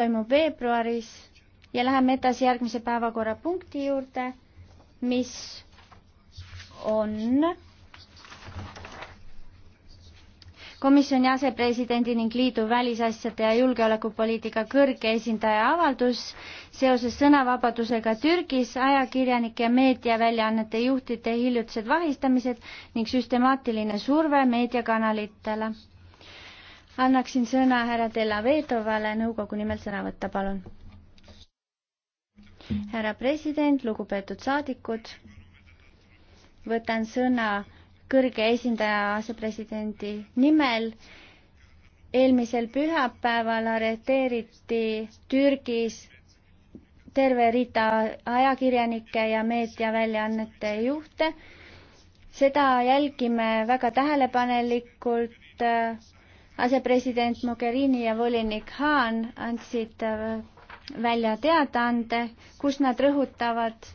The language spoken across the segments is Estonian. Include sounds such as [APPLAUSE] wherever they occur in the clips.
toimub veebruaris ja läheme edasi järgmise päevakorrapunkti juurde, mis on komisjoni asepresidendi ning liidu välisasjade ja julgeolekupoliitika kõrge esindaja avaldus seoses sõnavabadusega Türgis, ajakirjanike ja meediaväljaannete juhtide hiljutised vahistamised ning süstemaatiline surve meediakanalitele annaksin sõna härra Delavetovale nõukogu nimel sõna võtta, palun. härra president, lugupeetud saadikud, võtan sõna kõrge esindaja asepresidendi nimel. eelmisel pühapäeval arreteeriti Türgis terve rida ajakirjanike ja meediaväljaannete juhte. seda jälgime väga tähelepanelikult asepresident Mogherini ja volinik Haan andsid äh, välja teadaande, kus nad rõhutavad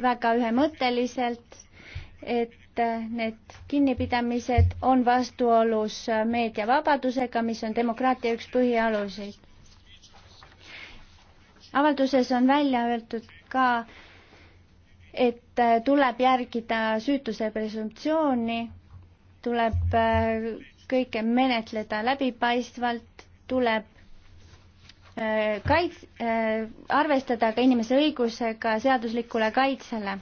väga ühemõtteliselt, et äh, need kinnipidamised on vastuolus äh, meediavabadusega, mis on demokraatia üks põhialuseid. avalduses on välja öeldud ka, et tuleb järgida süütuse presumptsiooni, tuleb kõike menetleda läbipaistvalt, tuleb äh, kaits-, äh, arvestada ka inimese õigusega seaduslikule kaitsele.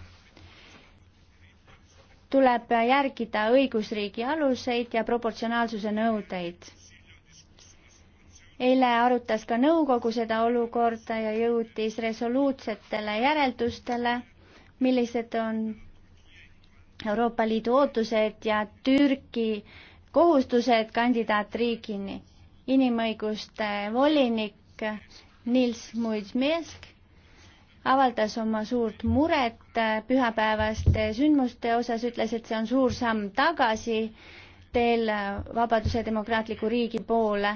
tuleb järgida õigusriigi aluseid ja proportsionaalsuse nõudeid. eile arutas ka nõukogu seda olukorda ja jõudis resoluutsetele järeldustele, millised on Euroopa Liidu ootused ja Türgi äh, kohustused kandidaatriigini. inimõiguste volinik Nils Muizmesk avaldas oma suurt muret pühapäevaste sündmuste osas, ütles, et see on suur samm tagasi teel vabaduse demokraatliku riigi poole.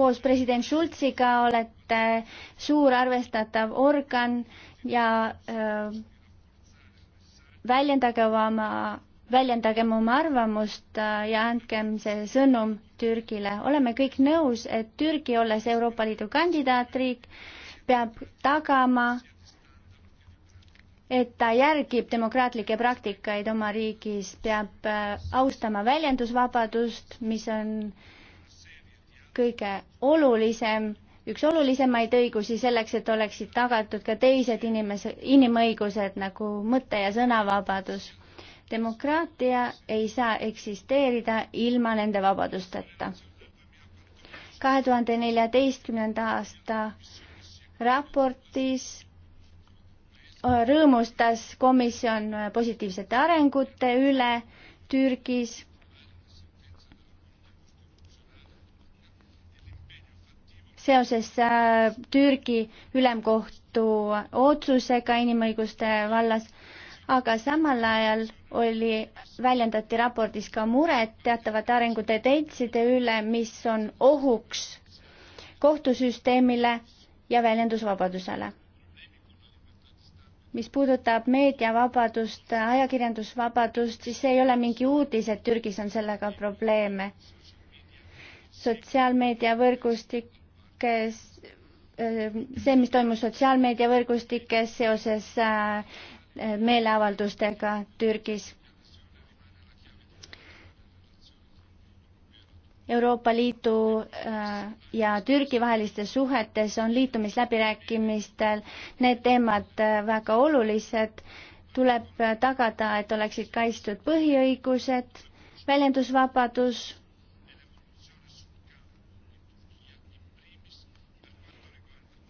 koos president Schulziga olete suur arvestatav organ ja öö, äh, väljendagem oma, väljendagem oma arvamust äh, ja andkem see sõnum Türgile. oleme kõik nõus, et Türgi, olles Euroopa Liidu kandidaatriik, peab tagama, et ta järgib demokraatlikke praktikaid oma riigis, peab äh, austama väljendusvabadust, mis on kõige olulisem üks olulisemaid õigusi selleks, et oleksid tagatud ka teised inimes-, inimõigused nagu mõtte- ja sõnavabadus. demokraatia ei saa eksisteerida ilma nende vabadusteta. kahe tuhande neljateistkümnenda aasta raportis rõõmustas komisjon positiivsete arengute üle Türgis seoses äh, Türgi ülemkohtu otsusega inimõiguste vallas, aga samal ajal oli, väljendati raportis ka muret teatavate arengutendentside üle, mis on ohuks kohtusüsteemile ja väljendusvabadusele mis puudutab meediavabadust, ajakirjandusvabadust, siis see ei ole mingi uudis, et Türgis on sellega probleeme. sotsiaalmeedia võrgustik kes, ähm, see, mis toimus sotsiaalmeediavõrgustikes seoses äh, meeleavaldustega Türgis. Euroopa Liidu äh, ja Türgi vahelistes suhetes on liitumisläbirääkimistel need teemad äh, väga olulised. tuleb tagada, et oleksid kaitstud põhiõigused, väljendusvabadus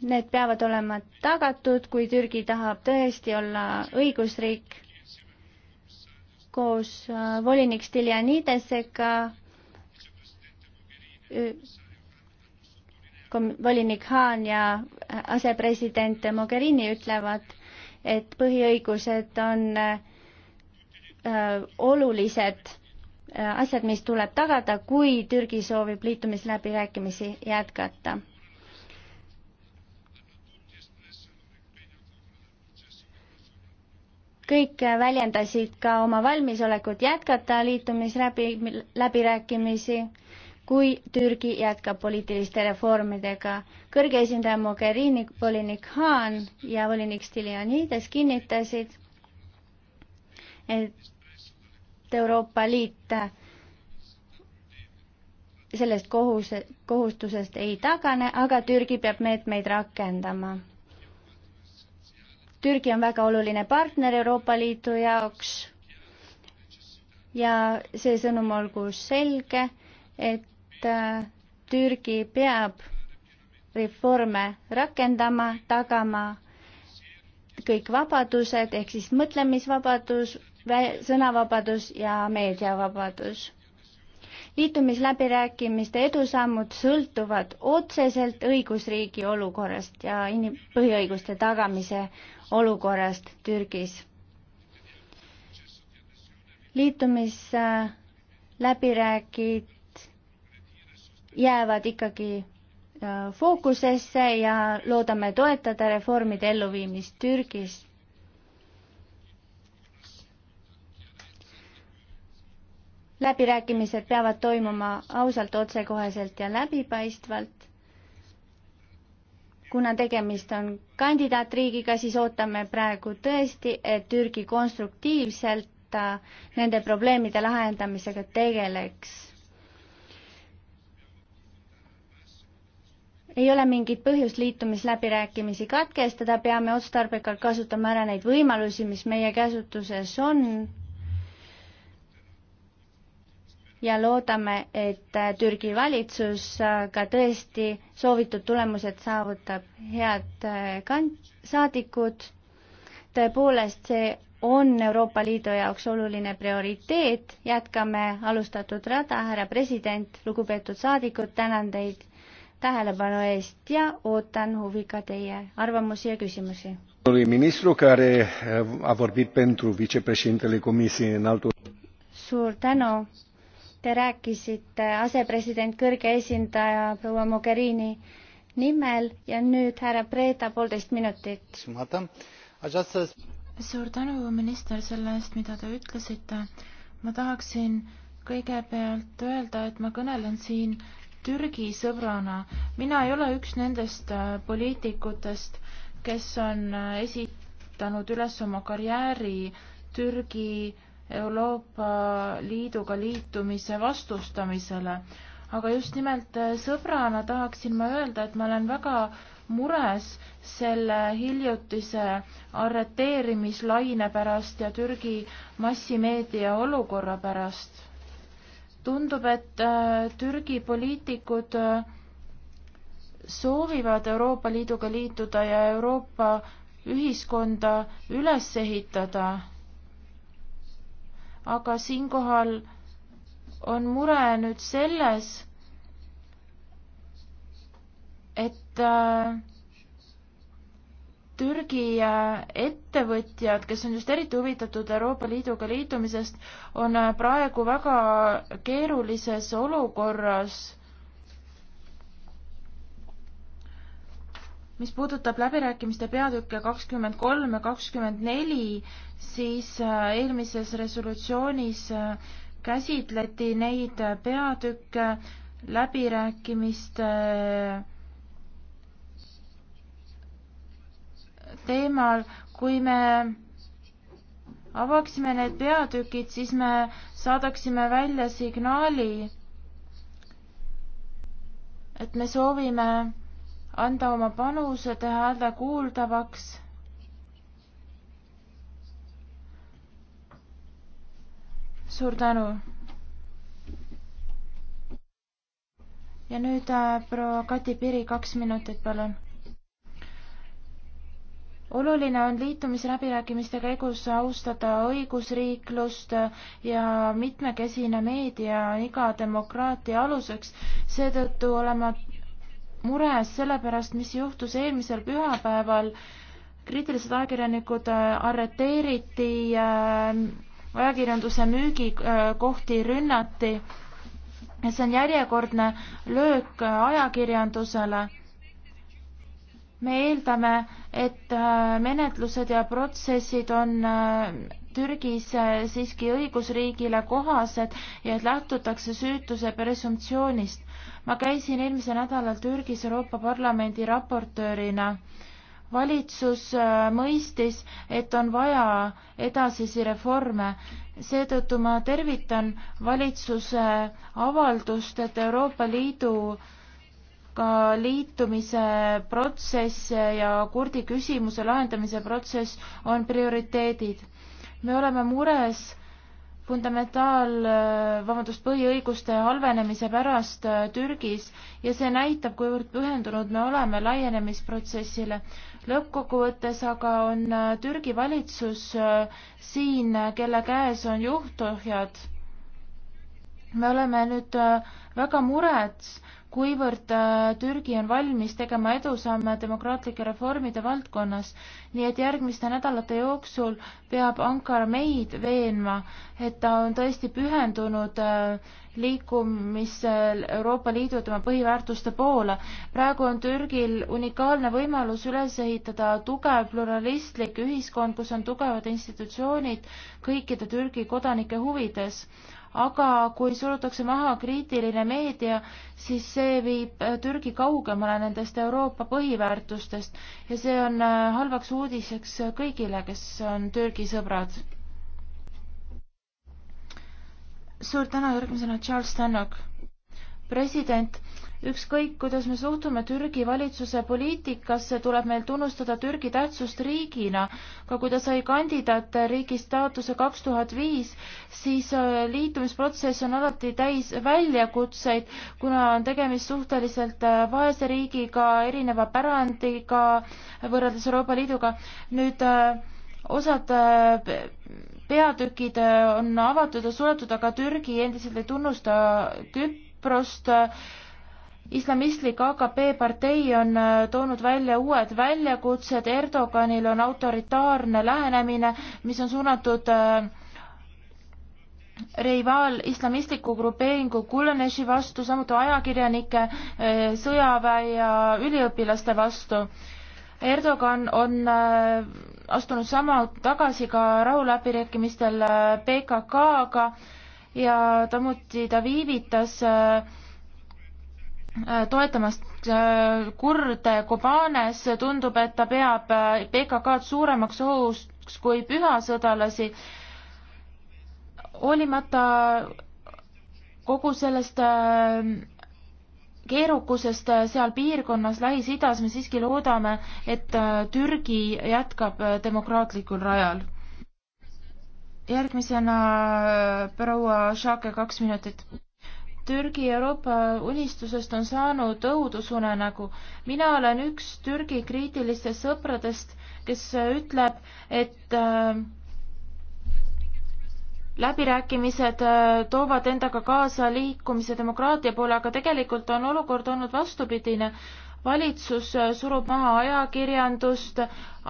Need peavad olema tagatud, kui Türgi tahab tõesti olla õigusriik. koos äh, volinik Stiljanidesega, volinik Haan ja äh, asepresident Mogherini ütlevad, et põhiõigused on äh, olulised asjad, mis tuleb tagada, kui Türgi soovib liitumisläbirääkimisi jätkata kõik väljendasid ka oma valmisolekut jätkata liitumisläbi, läbirääkimisi, kui Türgi jätkab poliitiliste reformidega. kõrge esindaja Mogherini, volinik Haan ja volinik Stiljanides kinnitasid, et Euroopa Liit sellest kohus, kohustusest ei tagane, aga Türgi peab meetmeid rakendama Türgi on väga oluline partner Euroopa Liidu jaoks ja see sõnum olgu selge, et äh, Türgi peab reforme rakendama, tagama kõik vabadused ehk siis mõtlemisvabadus, sõnavabadus ja meediavabadus liitumisläbirääkimiste edusammud sõltuvad otseselt õigusriigi olukorrast ja inim-, põhiõiguste tagamise olukorrast Türgis. liitumisläbirääkid jäävad ikkagi äh, fookusesse ja loodame toetada reformide elluviimist Türgis läbirääkimised peavad toimuma ausalt, otsekoheselt ja läbipaistvalt. kuna tegemist on kandidaatriigiga, siis ootame praegu tõesti, et Türgi konstruktiivselt äh, nende probleemide lahendamisega tegeleks. ei ole mingit põhjust liitumisläbirääkimisi katkestada, peame otstarbekalt kasutama ära neid võimalusi, mis meie käsutuses on ja loodame, et äh, Türgi valitsus äh, ka tõesti soovitud tulemused saavutab. head äh, kant-, saadikud, tõepoolest, see on Euroopa Liidu jaoks oluline prioriteet, jätkame alustatud rada, härra president, lugupeetud saadikud, tänan teid tähelepanu eest ja ootan huviga teie arvamusi ja küsimusi. ministru, care a vorbit pentru vicepreședintele Comisiei înaltul. suur tänu Te rääkisite asepresident kõrge esindaja proua Mogherini nimel ja nüüd härra Preeda poolteist minutit. suur tänu, minister, selle eest, mida te ütlesite. ma tahaksin kõigepealt öelda, et ma kõnelen siin Türgi sõbrana. mina ei ole üks nendest äh, poliitikutest, kes on äh, esitanud üles oma karjääri Türgi Euroopa Liiduga liitumise vastustamisele. aga just nimelt äh, sõbrana tahaksin ma öelda, et ma olen väga mures selle hiljutise arreteerimislaine pärast ja Türgi massimeedia olukorra pärast. tundub, et äh, Türgi poliitikud äh, soovivad Euroopa Liiduga liituda ja Euroopa ühiskonda üles ehitada aga siinkohal on mure nüüd selles, et äh, Türgi äh, ettevõtjad, kes on just eriti huvitatud Euroopa Liiduga liitumisest, on äh, praegu väga keerulises olukorras. mis puudutab läbirääkimiste peatükke kakskümmend kolm ja kakskümmend neli, siis äh, eelmises resolutsioonis äh, käsitleti neid peatükke läbirääkimiste äh, teemal, kui me avaksime need peatükid, siis me saadaksime välja signaali, et me soovime anda oma panuse, teha hääle kuuldavaks. suur tänu. ja nüüd äh, proua Kati Piri, kaks minutit, palun oluline on liitumisläbirääkimiste käigus austada õigusriiklust ja mitmekesine meedia on iga demokraatia aluseks. seetõttu olen ma mures selle pärast, mis juhtus eelmisel pühapäeval. kriitilised ajakirjanikud äh, arreteeriti, äh, ajakirjanduse müügikohti äh, rünnati. see on järjekordne löök ajakirjandusele me eeldame, et menetlused ja protsessid on Türgis äh, siiski õigusriigile kohased ja et lähtutakse süütuse presumptsioonist. ma käisin eelmisel nädalal Türgis Euroopa Parlamendi raportöörina. valitsus äh, mõistis, et on vaja edasisi reforme, seetõttu ma tervitan valitsuse avaldust, et Euroopa Liidu ka liitumise protsess ja kurdi küsimuse lahendamise protsess on prioriteedid me oleme mures fundamentaal, äh, vabandust, põhiõiguste halvenemise pärast äh, Türgis ja see näitab, kuivõrd pühendunud me oleme laienemisprotsessile. lõppkokkuvõttes aga on äh, Türgi valitsus siin, kelle käes on juhtohjad. me oleme nüüd väga mures, kuivõrd äh, Türgi on valmis tegema edusamme demokraatlike reformide valdkonnas, nii et järgmiste nädalate jooksul peab Ankara meid veenma, et ta on tõesti pühendunud äh, liikumisel Euroopa Liidu ja tema põhiväärtuste poole. praegu on Türgil unikaalne võimalus üles ehitada tugev pluralistlik ühiskond, kus on tugevad institutsioonid kõikide Türgi kodanike huvides aga kui surutakse maha kriitiline meedia, siis see viib äh, Türgi kaugemale nendest Euroopa põhiväärtustest ja see on äh, halvaks uudiseks äh, kõigile, kes on Türgi sõbrad. suur tänu, järgmisena Charles Tannock. president, ükskõik, kuidas me suhtume Türgi valitsuse poliitikasse, tuleb meil tunnustada Türgi tähtsust riigina. ka kui ta sai kandidaatriigi staatuse kaks tuhat viis, siis äh, liitumisprotsess on alati täis väljakutseid, kuna on tegemist suhteliselt äh, vaese riigiga, erineva pärandiga võrreldes Euroopa Liiduga. nüüd äh, osad peatükid on avatud ja suletud, aga Türgi endiselt ei tunnusta Küprost islamistlik AKP partei on äh, toonud välja uued väljakutsed, Erdoganil on autoritaarne lähenemine, mis on suunatud äh, rivaal islamistliku grupeeringu Kullaneshi vastu, samuti ajakirjanike, äh, sõjaväe ja üliõpilaste vastu. Erdogan on astunud sama tagasi ka rahuläbirääkimistel PKK-ga ja samuti ta viivitas äh, Äh, toetamast äh, kurde Kobanes, tundub, et ta peab äh, PKK-d suuremaks ohuks kui pühasõdalasi. hoolimata kogu sellest keerukusest seal piirkonnas Lähis-Idas me siiski loodame, et Türgi jätkab demokraatlikul rajal. järgmisena proua Šake, kaks minutit Türgi Euroopa unistusest on saanud õudusunenägu. mina olen üks Türgi kriitilistest sõpradest, kes ütleb, et äh, läbirääkimised äh, toovad endaga kaasa liikumise demokraatia poole, aga tegelikult on olukord olnud vastupidine. valitsus äh, surub maha ajakirjandust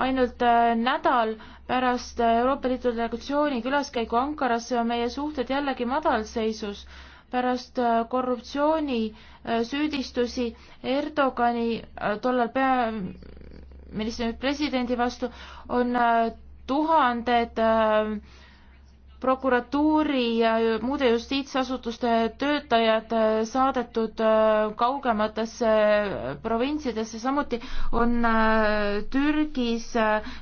ainult äh, nädal pärast Euroopa Liidu delegatsiooni külaskäigu Ankarasse on meie suhted jällegi madalseisus pärast äh, korruptsioonisüüdistusi äh, Erdogani äh, tollal peaministri presidendi vastu on tuhanded prokuratuuri ja muude justiitsasutuste töötajad saadetud kaugematesse provintsidesse, samuti on Türgis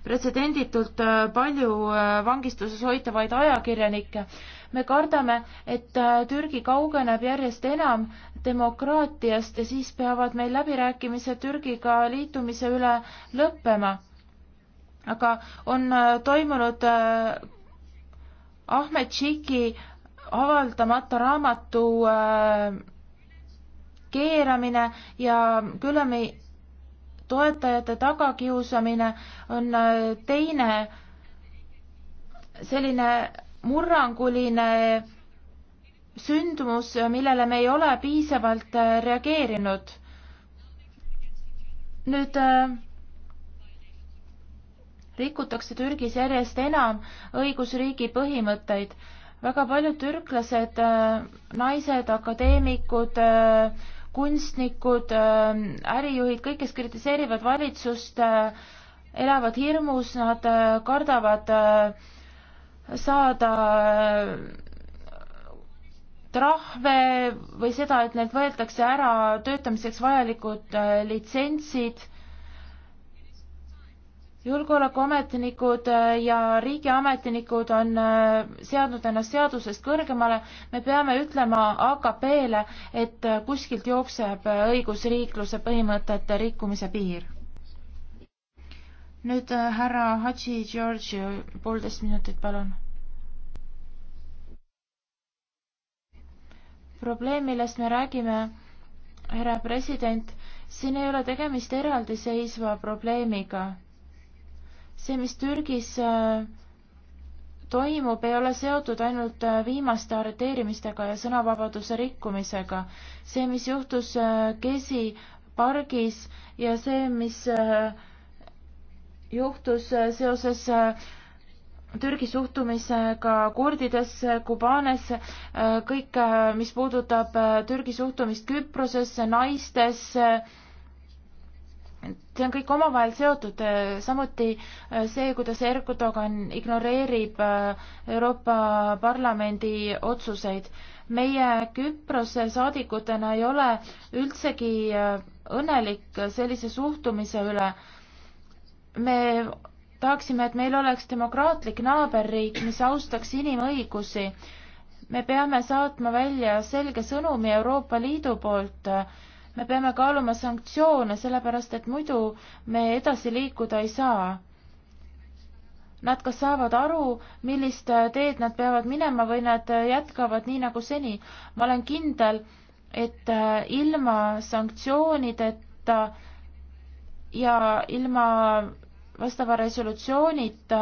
pretsedenditult palju vangistuses hoitavaid ajakirjanikke me kardame, et äh, Türgi kaugeneb järjest enam demokraatiast ja siis peavad meil läbirääkimised Türgiga liitumise üle lõppema. aga on äh, toimunud äh, Ahmed Tšiki avaldamata raamatu keeramine ja Külemi toetajate tagakiusamine on teine selline murranguline sündmus, millele me ei ole piisavalt äh, reageerinud. nüüd äh, rikutakse Türgis järjest enam õigusriigi põhimõtteid. väga paljud türklased, äh, naised, akadeemikud, kunstnikud, ärijuhid, kõik, kes kritiseerivad valitsust, elavad hirmus, nad kardavad äh, saada äh, trahve või seda, et neilt võetakse ära töötamiseks vajalikud äh, litsentsid. julgeolekuametnikud äh, ja riigiametnikud on seadnud ennast seadusest kõrgemale. me peame ütlema AKP-le, et kuskilt jookseb õigusriikluse põhimõtete rikkumise piir nüüd äh, härra Hadži George, poolteist minutit, palun. probleem, millest me räägime, härra president, siin ei ole tegemist eraldiseisva probleemiga. see, mis Türgis äh, toimub, ei ole seotud ainult äh, viimaste arreteerimistega ja sõnavabaduse rikkumisega. see, mis juhtus Gezi pargis ja see, mis äh, juhtus äh, seoses äh, Türgi suhtumisega kurdidesse, äh, Kubaanesse, kõik, mis puudutab Türgi suhtumist Küprosesse, naistesse, see on kõik omavahel seotud, samuti see, kuidas Erdogan ignoreerib Euroopa Parlamendi otsuseid. meie Küprose saadikutena ei ole üldsegi õnnelik sellise suhtumise üle me tahaksime, et meil oleks demokraatlik naaberriik, mis austaks inimõigusi. me peame saatma välja selge sõnumi Euroopa Liidu poolt. me peame kaaluma sanktsioone, sellepärast et muidu me edasi liikuda ei saa. Nad kas saavad aru, millist teed nad peavad minema või nad jätkavad nii nagu seni. ma olen kindel, et ilma sanktsioonideta ja ilma vastava resolutsioonita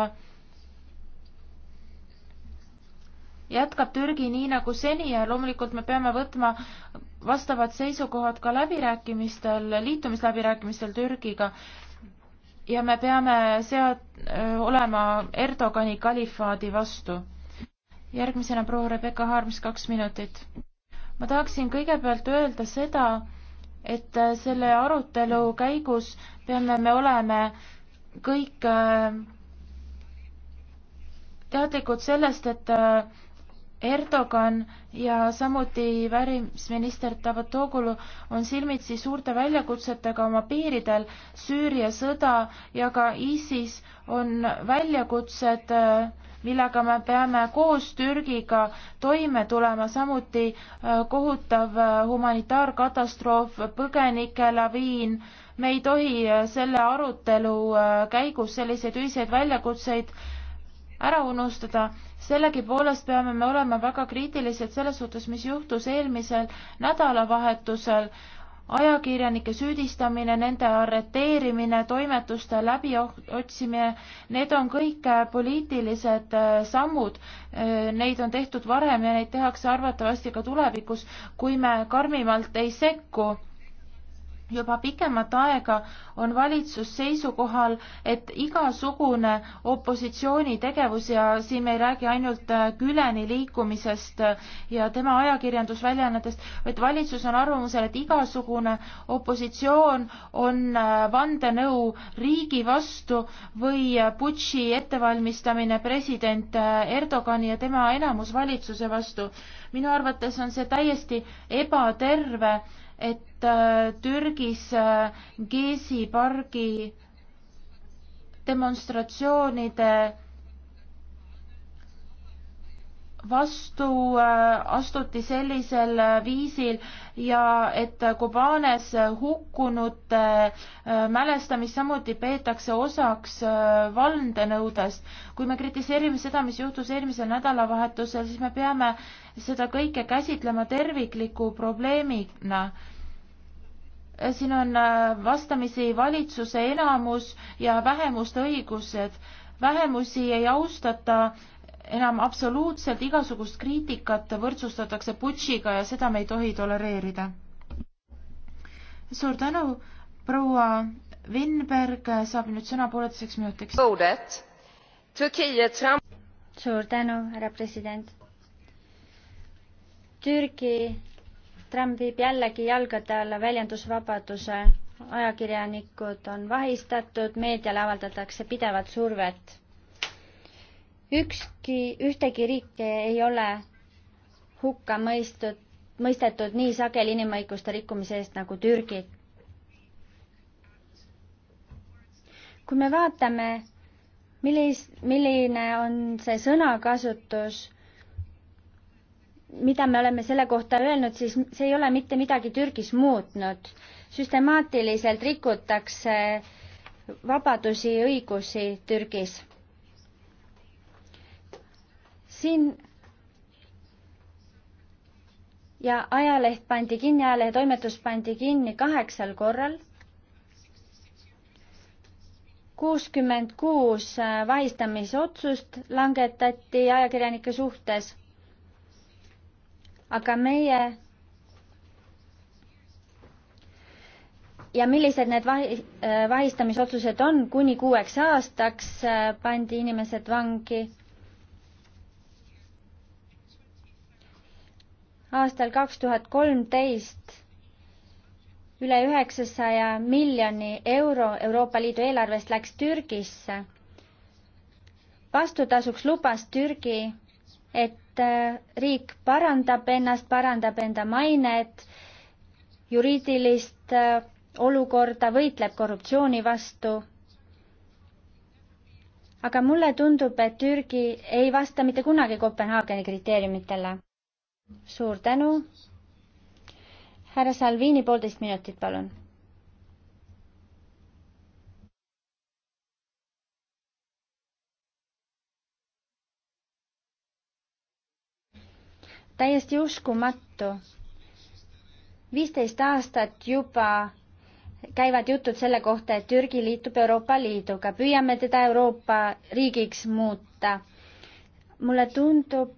jätkab Türgi nii nagu seni ja loomulikult me peame võtma vastavad seisukohad ka läbirääkimistel, liitumisläbirääkimistel Türgiga. ja me peame sead-, olema Erdogani kalifaadi vastu. järgmisena proua Rebecca Harms, kaks minutit. ma tahaksin kõigepealt öelda seda, et selle arutelu käigus peame me olema kõik äh, teadlikud sellest, et äh, Erdogan ja samuti välisminister Davutoglu on silmitsi suurte väljakutsetega oma piiridel. Süüria sõda ja ka ISIS on väljakutsed, äh, millega me peame koos Türgiga toime tulema, samuti kohutav humanitaarkatastroof, põgenikelaviin me ei tohi äh, selle arutelu äh, käigus selliseid ühiseid väljakutseid ära unustada, sellegipoolest peame me olema väga kriitilised selles suhtes, mis juhtus eelmisel nädalavahetusel. ajakirjanike süüdistamine, nende arreteerimine, toimetuste läbiotsimine, need on kõik äh, poliitilised sammud. Neid on tehtud varem ja neid tehakse arvatavasti ka tulevikus, kui me karmimalt ei sekku juba pikemat aega on valitsus seisukohal, et igasugune opositsiooni tegevus ja siin me ei räägi ainult äh, Güleni liikumisest äh, ja tema ajakirjandusväljaannetest, vaid valitsus on arvamusel, et igasugune opositsioon on äh, vandenõu riigi vastu või putši ettevalmistamine president Erdogani ja tema enamusvalitsuse vastu. minu arvates on see täiesti ebaterve et äh, Türgis äh, Gezi pargi demonstratsioonide vastu äh, astuti sellisel äh, viisil ja et Kobanes äh, hukkunute mälestamist samuti peetakse osaks valdenõudest. kui me kritiseerime seda, mis juhtus eelmisel nädalavahetusel, siis me peame seda kõike käsitlema tervikliku probleemina siin on vastamisi valitsuse enamus ja vähemuste õigused. vähemusi ei austata enam absoluutselt igasugust kriitikat võrdsustatakse putšiga ja seda me ei tohi tolereerida. suur tänu, proua Winberg saab nüüd sõna pooleteiseks minutiks. suur tänu, härra president. Türgi Trump viib jällegi jalgade alla väljendusvabaduse, ajakirjanikud on vahistatud, meediale avaldatakse pidevat survet ükski, ühtegi riiki ei ole hukka mõistud, mõistetud nii sageli inimõiguste rikkumise eest nagu Türgi. kui me vaatame, millis-, milline on see sõnakasutus, mida me oleme selle kohta öelnud, siis see ei ole mitte midagi Türgis muutnud. süstemaatiliselt rikutakse vabadusi, õigusi Türgis siin ja ajaleht pandi kinni, ajalehe toimetus pandi kinni kaheksal korral. kuuskümmend kuus äh, vahistamisotsust langetati ajakirjanike suhtes. aga meie ja millised need vahi, äh, vahistamisotsused on, kuni kuueks aastaks äh, pandi inimesed vangi aastal kaks tuhat kolmteist üle üheksasaja miljoni euro Euroopa Liidu eelarvest läks Türgisse. vastutasuks lubas Türgi, et äh, riik parandab ennast, parandab enda mainet, juriidilist äh, olukorda, võitleb korruptsiooni vastu. aga mulle tundub, et Türgi ei vasta mitte kunagi Kopenhaageni kriteeriumitele suur tänu. härra Salvini, poolteist minutit, palun. täiesti uskumatu. viisteist aastat juba käivad jutud selle kohta, et Türgi liitub Euroopa Liiduga, püüame teda Euroopa riigiks muuta. mulle tundub,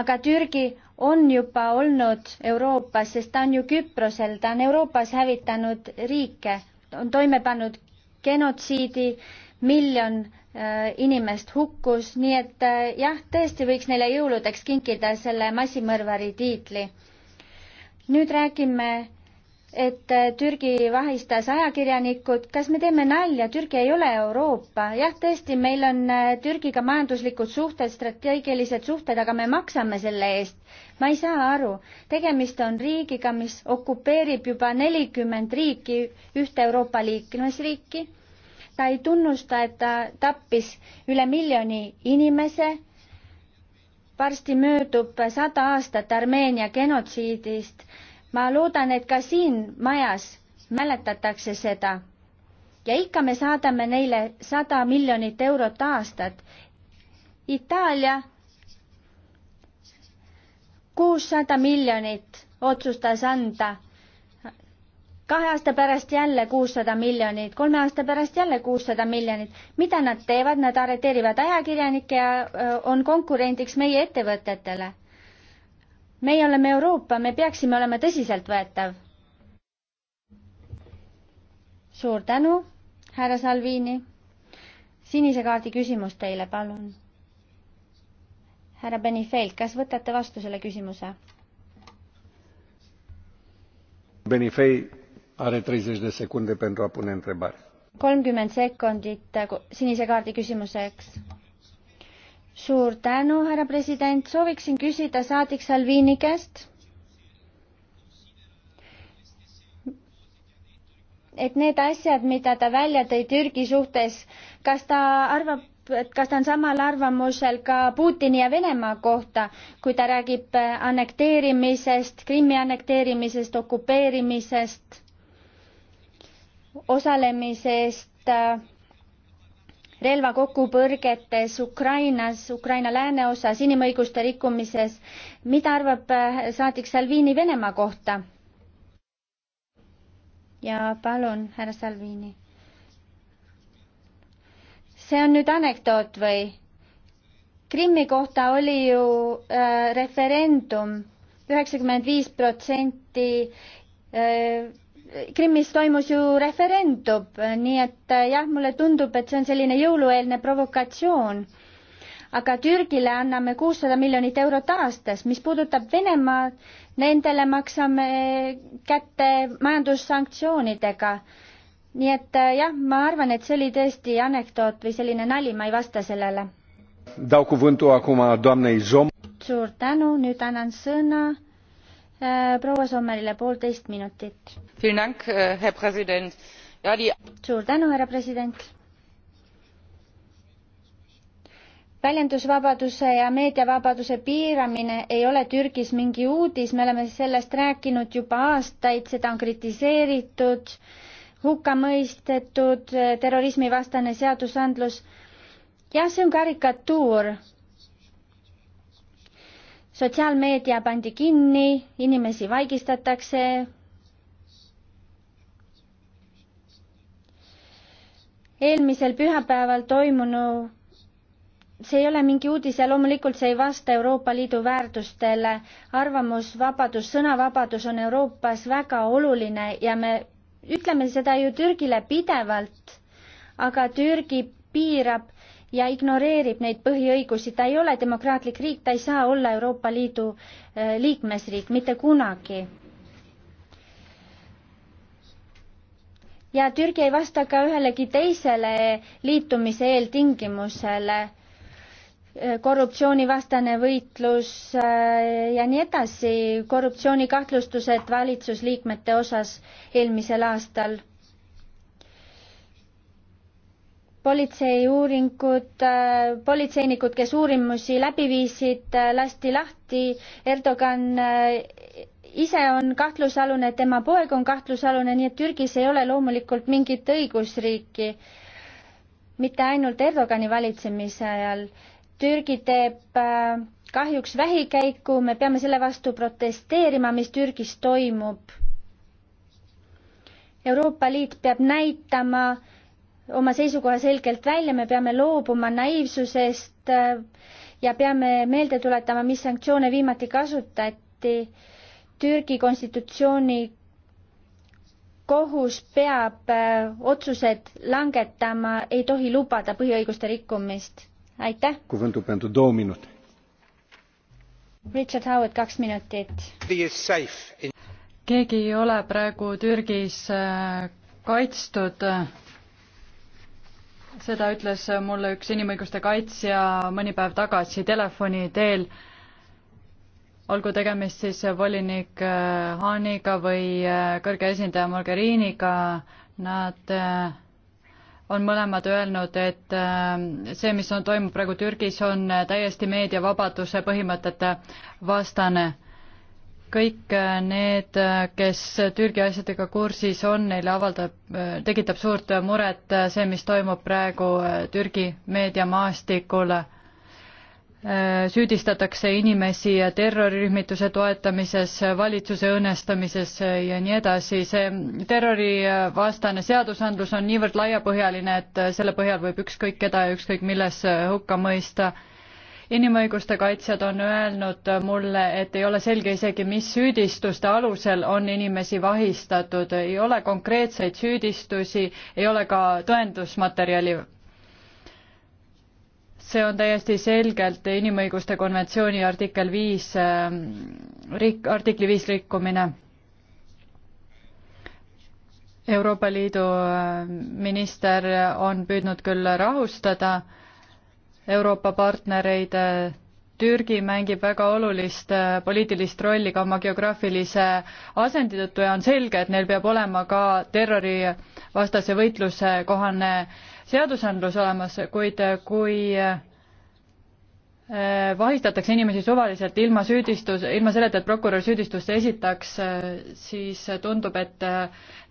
aga Türgi on juba olnud Euroopas, sest ta on ju Küprosel, ta on Euroopas hävitanud riike, on toime pannud genotsiidi, miljon äh, inimest hukkus, nii et äh, jah, tõesti võiks neile jõuludeks kinkida selle massimõrvari tiitli. nüüd räägime et äh, Türgi vahistas ajakirjanikud, kas me teeme nalja, Türgi ei ole Euroopa, jah, tõesti, meil on äh, Türgiga majanduslikud suhted, strateegilised suhted, aga me maksame selle eest. ma ei saa aru, tegemist on riigiga, mis okupeerib juba nelikümmend riiki, ühte Euroopa liikmesriiki. ta ei tunnusta, et ta tappis üle miljoni inimese. varsti möödub sada aastat Armeenia genotsiidist ma loodan, et ka siin majas mäletatakse seda. ja ikka me saadame neile sada miljonit eurot aastat. Itaalia kuussada miljonit otsustas anda. kahe aasta pärast jälle kuussada miljonit, kolme aasta pärast jälle kuussada miljonit. mida nad teevad, nad arreteerivad ajakirjanikke ja on konkurendiks meie ettevõtetele meie oleme Euroopa, me peaksime olema tõsiseltvõetav. suur tänu, härra Salvini. sinise kaardi küsimus teile, palun. härra Benifeld, kas võtate vastu selle küsimuse? Benifei are 30 de secunde pentru a pune întrebare. 30 sekundit sinise kaardi küsimuseks suur tänu, härra president, sooviksin küsida saadik Salvini käest. et need asjad, mida ta välja tõi Türgi suhtes, kas ta arvab, et kas ta on samal arvamusel ka Putini ja Venemaa kohta, kui ta räägib annekteerimisest, Krimmi annekteerimisest, okupeerimisest, osalemisest äh, relvakokkupõrgetes Ukrainas, Ukraina lääneosas, inimõiguste rikkumises. mida arvab äh, saadik Salvini Venemaa kohta? ja palun, härra Salvini. see on nüüd anekdoot või? Krimmi kohta oli ju äh, referendum, üheksakümmend viis protsenti äh, Krimmis toimus ju referendum, nii et äh, jah, mulle tundub, et see on selline jõulueelne provokatsioon. aga Türgile anname kuussada miljonit eurot aastas, mis puudutab Venemaad, nendele maksame kätte majandussanktsioonidega. nii et äh, jah, ma arvan, et see oli tõesti anekdoot või selline nali, ma ei vasta sellele. suur tänu, nüüd annan sõna äh, proua Sommerile poolteist minutit Äh, suur tänu härra president! väljendusvabaduse ja meediavabaduse piiramine ei ole türgis mingi uudis me oleme sellest rääkinud juba aastaid seda on kritiseeritud hukka mõistetud terrorismivastane seadusandlus jah see on karikatuur sotsiaalmeedia pandi kinni inimesi vaigistatakse eelmisel pühapäeval toimunu, see ei ole mingi uudis ja loomulikult see ei vasta Euroopa Liidu väärtustele. arvamusvabadus, sõnavabadus on Euroopas väga oluline ja me ütleme seda ju Türgile pidevalt, aga Türgi piirab ja ignoreerib neid põhiõigusi, ta ei ole demokraatlik riik, ta ei saa olla Euroopa Liidu eh, liikmesriik mitte kunagi ja Türgi ei vasta ka ühelegi teisele liitumise eeltingimusele, äh, korruptsioonivastane võitlus äh, ja nii edasi, korruptsioonikahtlustused valitsusliikmete osas eelmisel aastal. politseiuuringud, äh, politseinikud, kes uurimusi läbi viisid, lasti lahti, Erdogan ise on kahtlusalune, tema poeg on kahtlusalune, nii et Türgis ei ole loomulikult mingit õigusriiki. mitte ainult Erdogani valitsemise ajal. Türgi teeb äh, kahjuks vähikäiku, me peame selle vastu protesteerima, mis Türgis toimub. Euroopa Liit peab näitama oma seisukoha selgelt välja, me peame loobuma naiivsusest äh, ja peame meelde tuletama, mis sanktsioone viimati kasutati Türgi konstitutsiooni kohus peab äh, otsused langetama, ei tohi lubada põhiõiguste rikkumist. aitäh. Richard Howard, kaks minutit. keegi ei ole praegu Türgis äh, kaitstud. seda ütles mulle üks inimõiguste kaitsja mõni päev tagasi telefoni teel olgu tegemist siis volinik äh, Haaniga või äh, kõrge esindaja Mogheriniga, nad äh, on mõlemad öelnud, et see, mis on, toimub praegu Türgis, on täiesti meediavabaduse põhimõtete vastane. kõik need, kes Türgi asjadega kursis on, neile avaldab, tekitab suurt muret see, mis toimub praegu Türgi meediamaastikul Äh, süüdistatakse inimesi terrorirühmituse toetamises, valitsuse õõnestamises äh, ja nii edasi. see terrorivastane seadusandlus on niivõrd laiapõhjaline, et äh, selle põhjal võib ükskõik keda ja ükskõik milles hukka mõista. inimõiguste kaitsjad on öelnud mulle, et ei ole selge isegi, mis süüdistuste alusel on inimesi vahistatud, ei ole konkreetseid süüdistusi, ei ole ka tõendusmaterjali see on täiesti selgelt inimõiguste konventsiooni artikkel viis ähm, rik-, artikli viis rikkumine. Euroopa Liidu ähm, minister on püüdnud küll rahustada Euroopa partnereid, äh, Türgi mängib väga olulist äh, poliitilist rolli ka oma geograafilise asendi tõttu ja on selge, et neil peab olema ka terrorivastase võitluse kohane äh, seadusandlus olemas, kuid äh, kui äh, vahistatakse inimesi suvaliselt ilma süüdistus, ilma selleta, et prokurör süüdistust esitaks, äh, siis tundub, et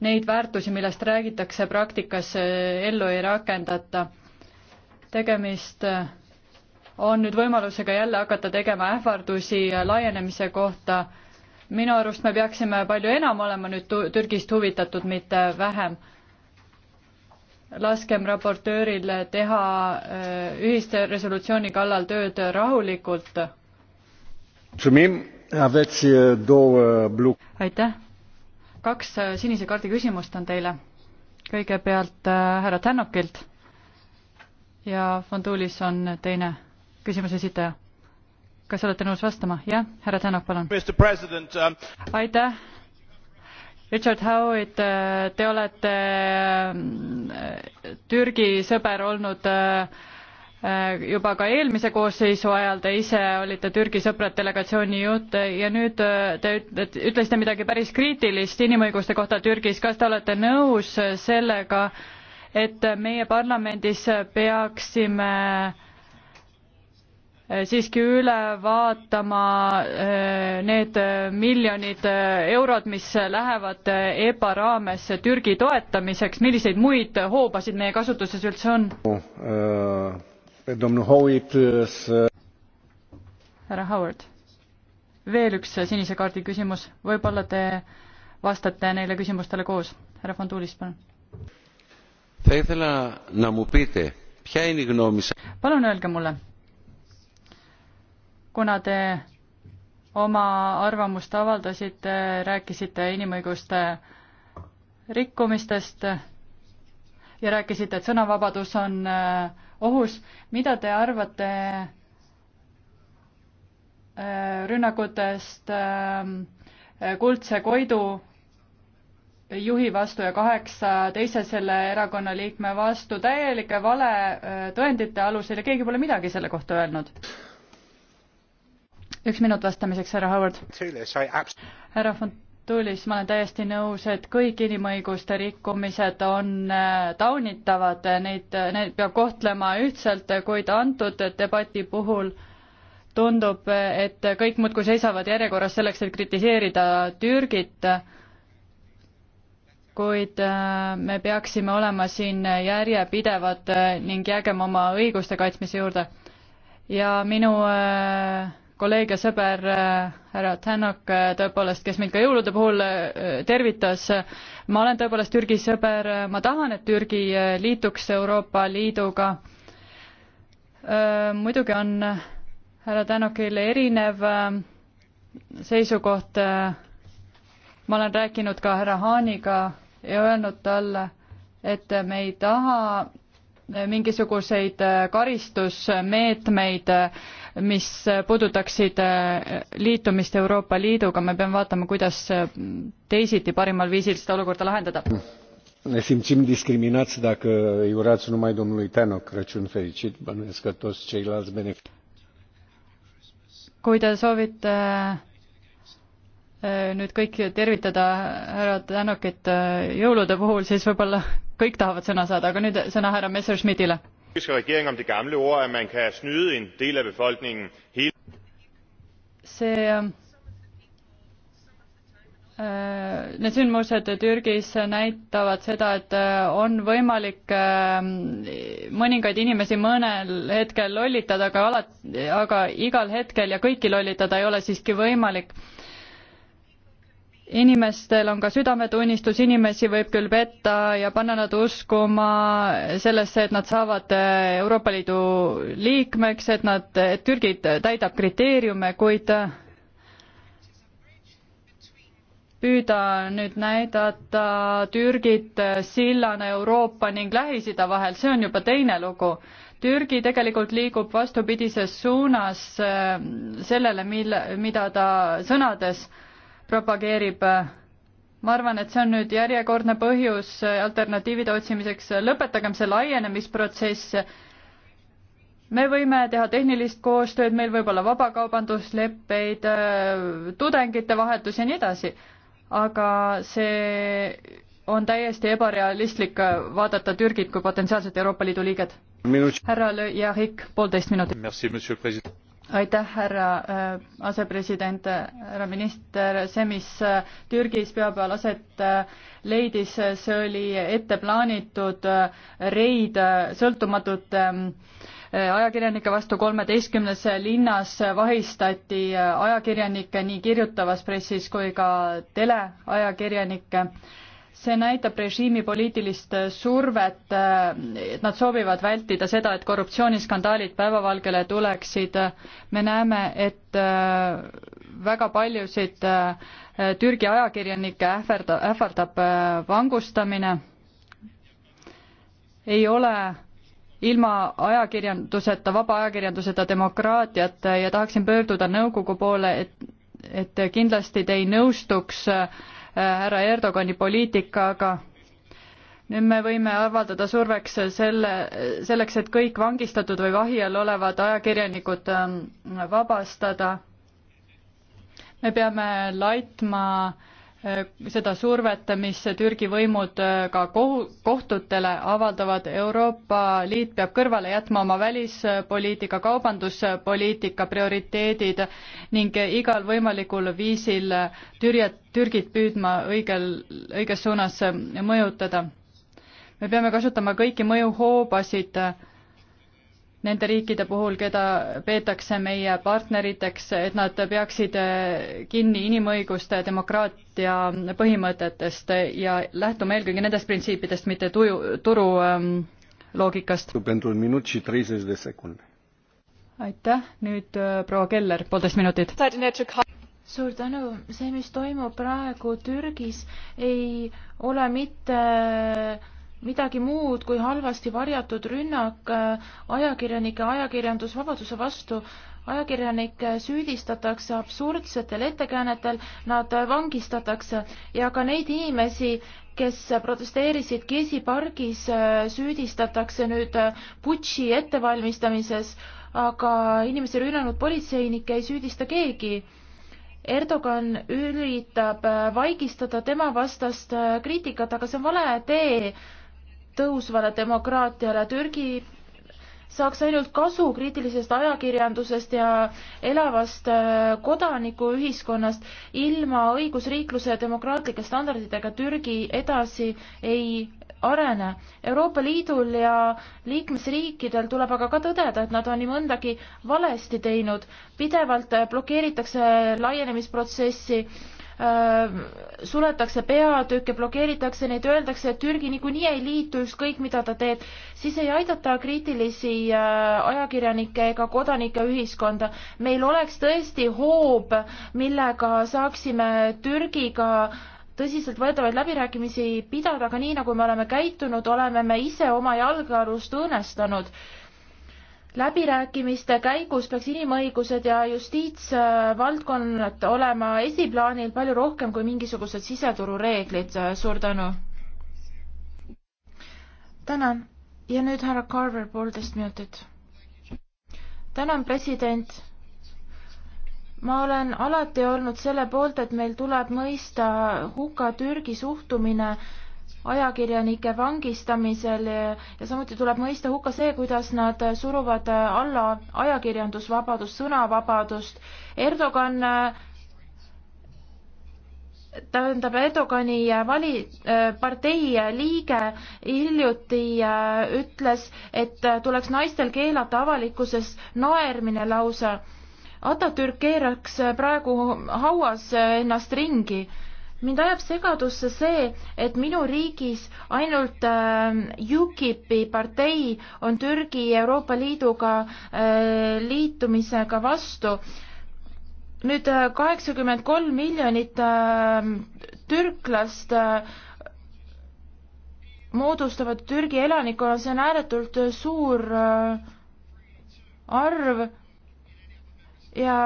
neid väärtusi, millest räägitakse, praktikas ellu ei rakendata. tegemist on nüüd võimalusega jälle hakata tegema ähvardusi laienemise kohta. minu arust me peaksime palju enam olema nüüd Türgist huvitatud, mitte vähem laskem raportööril teha äh, ühiste resolutsiooni kallal tööd rahulikult. Äh, äh, aitäh. kaks sinise kaardi küsimust on teile. kõigepealt härra Tännokilt ja Fondulis on teine küsimuse esitaja. kas olete nõus vastama? jah, härra Tännok, palun. Um- aitäh Richard Howitt, äh, te olete äh, Türgi sõber olnud äh, juba ka eelmise koosseisu ajal, te ise olite Türgi sõprad delegatsiooni juht ja nüüd te ütlesite midagi päris kriitilist inimõiguste kohta Türgis, kas te olete nõus sellega, et meie parlamendis peaksime siiski üle vaatama need miljonid eurod, mis lähevad EBA raames Türgi toetamiseks, milliseid muid hoobasid meie kasutuses üldse on? härra Howard, veel üks sinise kaardi küsimus, võib-olla te vastate neile küsimustele koos. härra Fondulis, palun. palun öelge mulle kuna te oma arvamust avaldasite, rääkisite inimõiguste rikkumistest ja rääkisite, et sõnavabadus on äh, ohus. mida te arvate äh, rünnakutest äh, Kuldse Koidu juhi vastu ja kaheksa teise selle erakonna liikme vastu täielike valetõendite alusel ja keegi pole midagi selle kohta öelnud? üks minut vastamiseks, härra Howard. härra Fontulis, ma olen täiesti nõus, et kõik inimõiguste rikkumised on äh, taunitavad, neid, neid peab kohtlema ühtselt, kuid antud debati puhul tundub, et kõik muudkui seisavad järjekorras selleks, et kritiseerida Türgit, kuid äh, me peaksime olema siin järjepidevad ning jäägem oma õiguste kaitsmise juurde. ja minu äh, kolleeg ja sõber äh, härra Tänak äh, tõepoolest, kes mind ka jõulude puhul äh, tervitas. ma olen tõepoolest Türgi sõber, ma tahan, et Türgi liituks Euroopa Liiduga. muidugi on härra Tänakil erinev seisukoht. ma olen rääkinud ka härra Haaniga ja öelnud talle, et me ei taha mingisuguseid karistusmeetmeid mis puudutaksid äh, liitumist Euroopa Liiduga, me peame vaatama, kuidas äh, teisiti parimal viisil seda olukorda lahendada. Ne simțim discriminați dacă îi urați numai domnului Tenoc Crăciun fericit, bănuiesc că toți ceilalți beneficiari. Kui te soovite äh, nüüd kõik tervitada härra Tänokit jõulude puhul, siis võib-olla kõik tahavad sõna saada, aga nüüd sõna härra Messerschmidtile regering om det gamle ord at man kan snyde en del af befolkningen hele see eh, Need sündmused Türgis näitavad seda, et eh, on võimalik eh, mõningaid inimesi mõnel hetkel lollitada, aga alati, aga igal hetkel ja kõiki lollitada ei ole siiski võimalik inimestel on ka südametunnistus, inimesi võib küll petta ja panna nad uskuma sellesse, et nad saavad eh, Euroopa Liidu liikmeks, et nad, et Türgi täidab kriteeriume, kuid eh, püüda nüüd näidata Türgit eh, sillana Euroopa ning Lähis-Ida vahel, see on juba teine lugu. Türgi tegelikult liigub vastupidises suunas sellele, mille, mida ta sõnades äh, propageerib. Äh, ma arvan, et see on nüüd järjekordne põhjus äh, alternatiivide otsimiseks, lõpetagem see laienemisprotsess. me võime teha tehnilist koostööd, meil võib olla vabakaubandusleppeid, äh, tudengite vahetus ja nii edasi, aga see on täiesti ebarealistlik vaadata Türgit kui potentsiaalset Euroopa Liidu liiget. härra Le Jarik, poolteist minutit aitäh, härra äh, asepresident, härra minister, see, mis äh, Türgis pühapäeval aset äh, leidis, see oli etteplaanitud reid sõltumatute ähm, ajakirjanike vastu kolmeteistkümnes linnas vahistati ajakirjanikke nii kirjutavas pressis kui ka teleajakirjanikke see näitab režiimi poliitilist äh, survet, äh, et nad soovivad vältida seda, et korruptsiooniskandaalid päevavalgele tuleksid. me näeme, et äh, väga paljusid Türgi ajakirjanikke ähverda, ähvardab vangustamine. ei ole ilma ajakirjanduseta, vaba ajakirjanduseta demokraatiat ja tahaksin pöörduda nõukogu poole, et, et kindlasti te ei nõustuks äh, härra Erdogani poliitikaga. nüüd me võime avaldada surveks selle, selleks, et kõik vangistatud või vahi all olevad ajakirjanikud ähm, vabastada. me peame laitma äh, Äh, seda survet, mis Türgi võimud äh, ka kohu-, kohtutele avaldavad, Euroopa Liit peab kõrvale jätma oma välispoliitika, kaubanduspoliitika prioriteedid ning igal võimalikul viisil Türjet, Türgit püüdma õigel, õiges suunas mõjutada. me peame kasutama kõiki mõjuhoobasid äh, nende riikide puhul, keda peetakse meie partneriteks, et nad peaksid äh, kinni inimõiguste ja demokraatia põhimõtetest ja lähtuma eelkõige nendest printsiipidest, mitte tuju, turu ähm, loogikast. aitäh, nüüd äh, proua Keller, poolteist minutit. suur tänu, see, mis toimub praegu Türgis, ei ole mitte äh, midagi muud kui halvasti varjatud rünnak äh, ajakirjanike ajakirjandusvabaduse vastu. ajakirjanikke süüdistatakse absurdsetel ettekäänetel, nad äh, vangistatakse ja ka neid inimesi, kes protesteerisid Gezi pargis, äh, süüdistatakse nüüd putši ettevalmistamises, aga inimesi rünnanud politseinikke ei süüdista keegi Erdogan üritab vaigistada tema vastast kriitikat, aga see on vale tee tõusvale demokraatiale. Türgi saaks ainult kasu kriitilisest ajakirjandusest ja elavast äh, kodanikuühiskonnast. ilma õigusriikluse ja demokraatlike standarditega Türgi edasi ei arene. Euroopa Liidul ja liikmesriikidel tuleb aga ka tõdeda, et nad on nii mõndagi valesti teinud. pidevalt blokeeritakse laienemisprotsessi Äh, suletakse peatükke, blokeeritakse neid, öeldakse, et Türgi niikuinii ei liitu, ükskõik mida ta teeb, siis ei aidata kriitilisi äh, ajakirjanikke ega kodanikeühiskonda. meil oleks tõesti hoob, millega saaksime Türgiga tõsiseltvõetavaid läbirääkimisi pidada, aga nii nagu me oleme käitunud, oleme me ise oma jalgealust õõnestanud läbirääkimiste käigus peaks inimõigused ja justiitsvaldkond olema esiplaanil palju rohkem kui mingisugused siseturureeglid. suur tänu! tänan ja nüüd härra Carver poolteist minutit. tänan, president. ma olen alati olnud selle poolt, et meil tuleb mõista hukka Türgi suhtumine ajakirjanike vangistamisel ja samuti tuleb mõista hukka see, kuidas nad suruvad alla ajakirjandusvabadust, sõnavabadust. Erdogan tähendab Erdogani vali-, partei liige hiljuti äh, ütles, et tuleks naistel keelata avalikkuses naermine lausa. Atatürk keeraks praegu hauas ennast ringi mind ajab segadusse see, et minu riigis ainult äh, UKIP-i partei on Türgi Euroopa Liiduga äh, liitumisega vastu. nüüd äh, kaheksakümmend äh, kolm miljonit äh, türklast äh, moodustavad Türgi elanikkonna, see on ääretult äh, suur äh, arv ja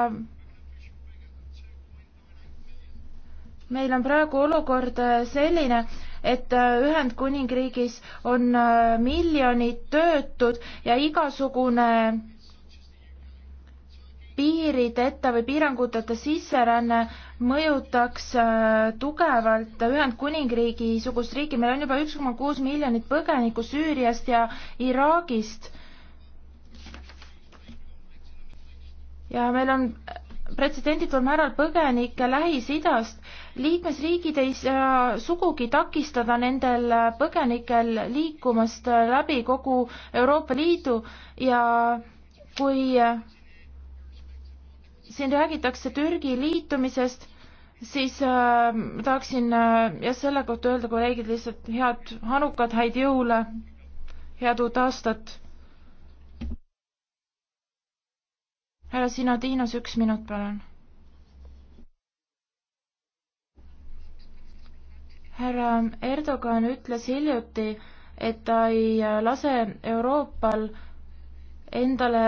meil on praegu olukord äh, selline, et äh, Ühendkuningriigis on äh, miljonid töötud ja igasugune piirideta või piiranguteta sisseränne mõjutaks tugevalt Ühendkuningriigi sugust riiki, meil on juba üks koma kuus miljonit põgenikku Süüriast ja Iraagist. ja meil on pretsedenditul määral põgenikke Lähis-Idast liikmesriigid ei saa sugugi takistada nendel põgenikel liikumast läbi kogu Euroopa Liidu ja kui siin räägitakse Türgi liitumisest, siis äh, tahaksin äh, jah, selle kohta öelda kolleegid lihtsalt head hanukad, häid jõule, head uut aastat. härra Sinadinos, üks minut, palun härra Erdogan ütles hiljuti, et ta ei lase Euroopal endale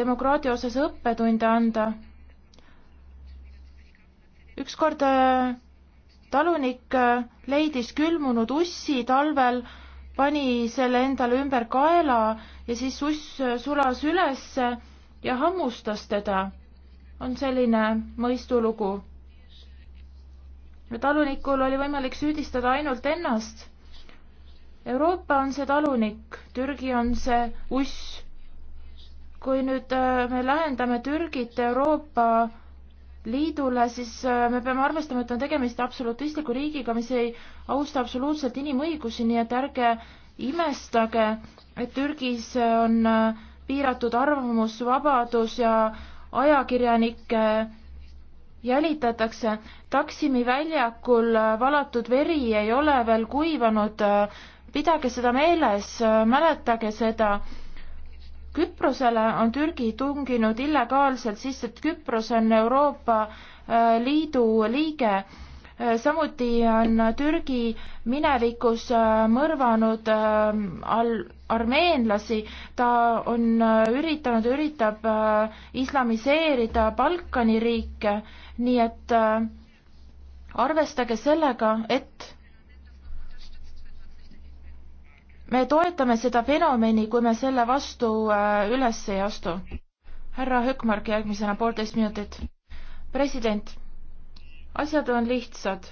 demokraatia osas õppetunde anda. ükskord äh, talunik äh, leidis külmunud ussi talvel, pani selle endale ümber kaela ja siis uss äh, sulas üles ja hammustas teda. on selline mõistulugu talunikul oli võimalik süüdistada ainult ennast. Euroopa on see talunik, Türgi on see uss. kui nüüd äh, me lähendame Türgit Euroopa Liidule, siis äh, me peame arvestama, et on tegemist absolutistliku riigiga, mis ei austa absoluutselt inimõigusi, nii et ärge imestage, et Türgis on äh, piiratud arvamusvabadus ja ajakirjanike jälitatakse. Taksimi väljakul äh, valatud veri ei ole veel kuivanud. Äh, pidage seda meeles, äh, mäletage seda. Küprosele on Türgi tunginud illegaalselt, sest et Küpros on Euroopa Liidu liige samuti on Türgi minevikus äh, mõrvanud ähm, al-, armeenlasi, ta on äh, üritanud ja üritab äh, islamiseerida Balkani riike, nii et arvestage sellega, et me toetame seda fenomeni, kui me selle vastu üles ei astu. härra Hökmark järgmisena poolteist minutit. president asjad on lihtsad.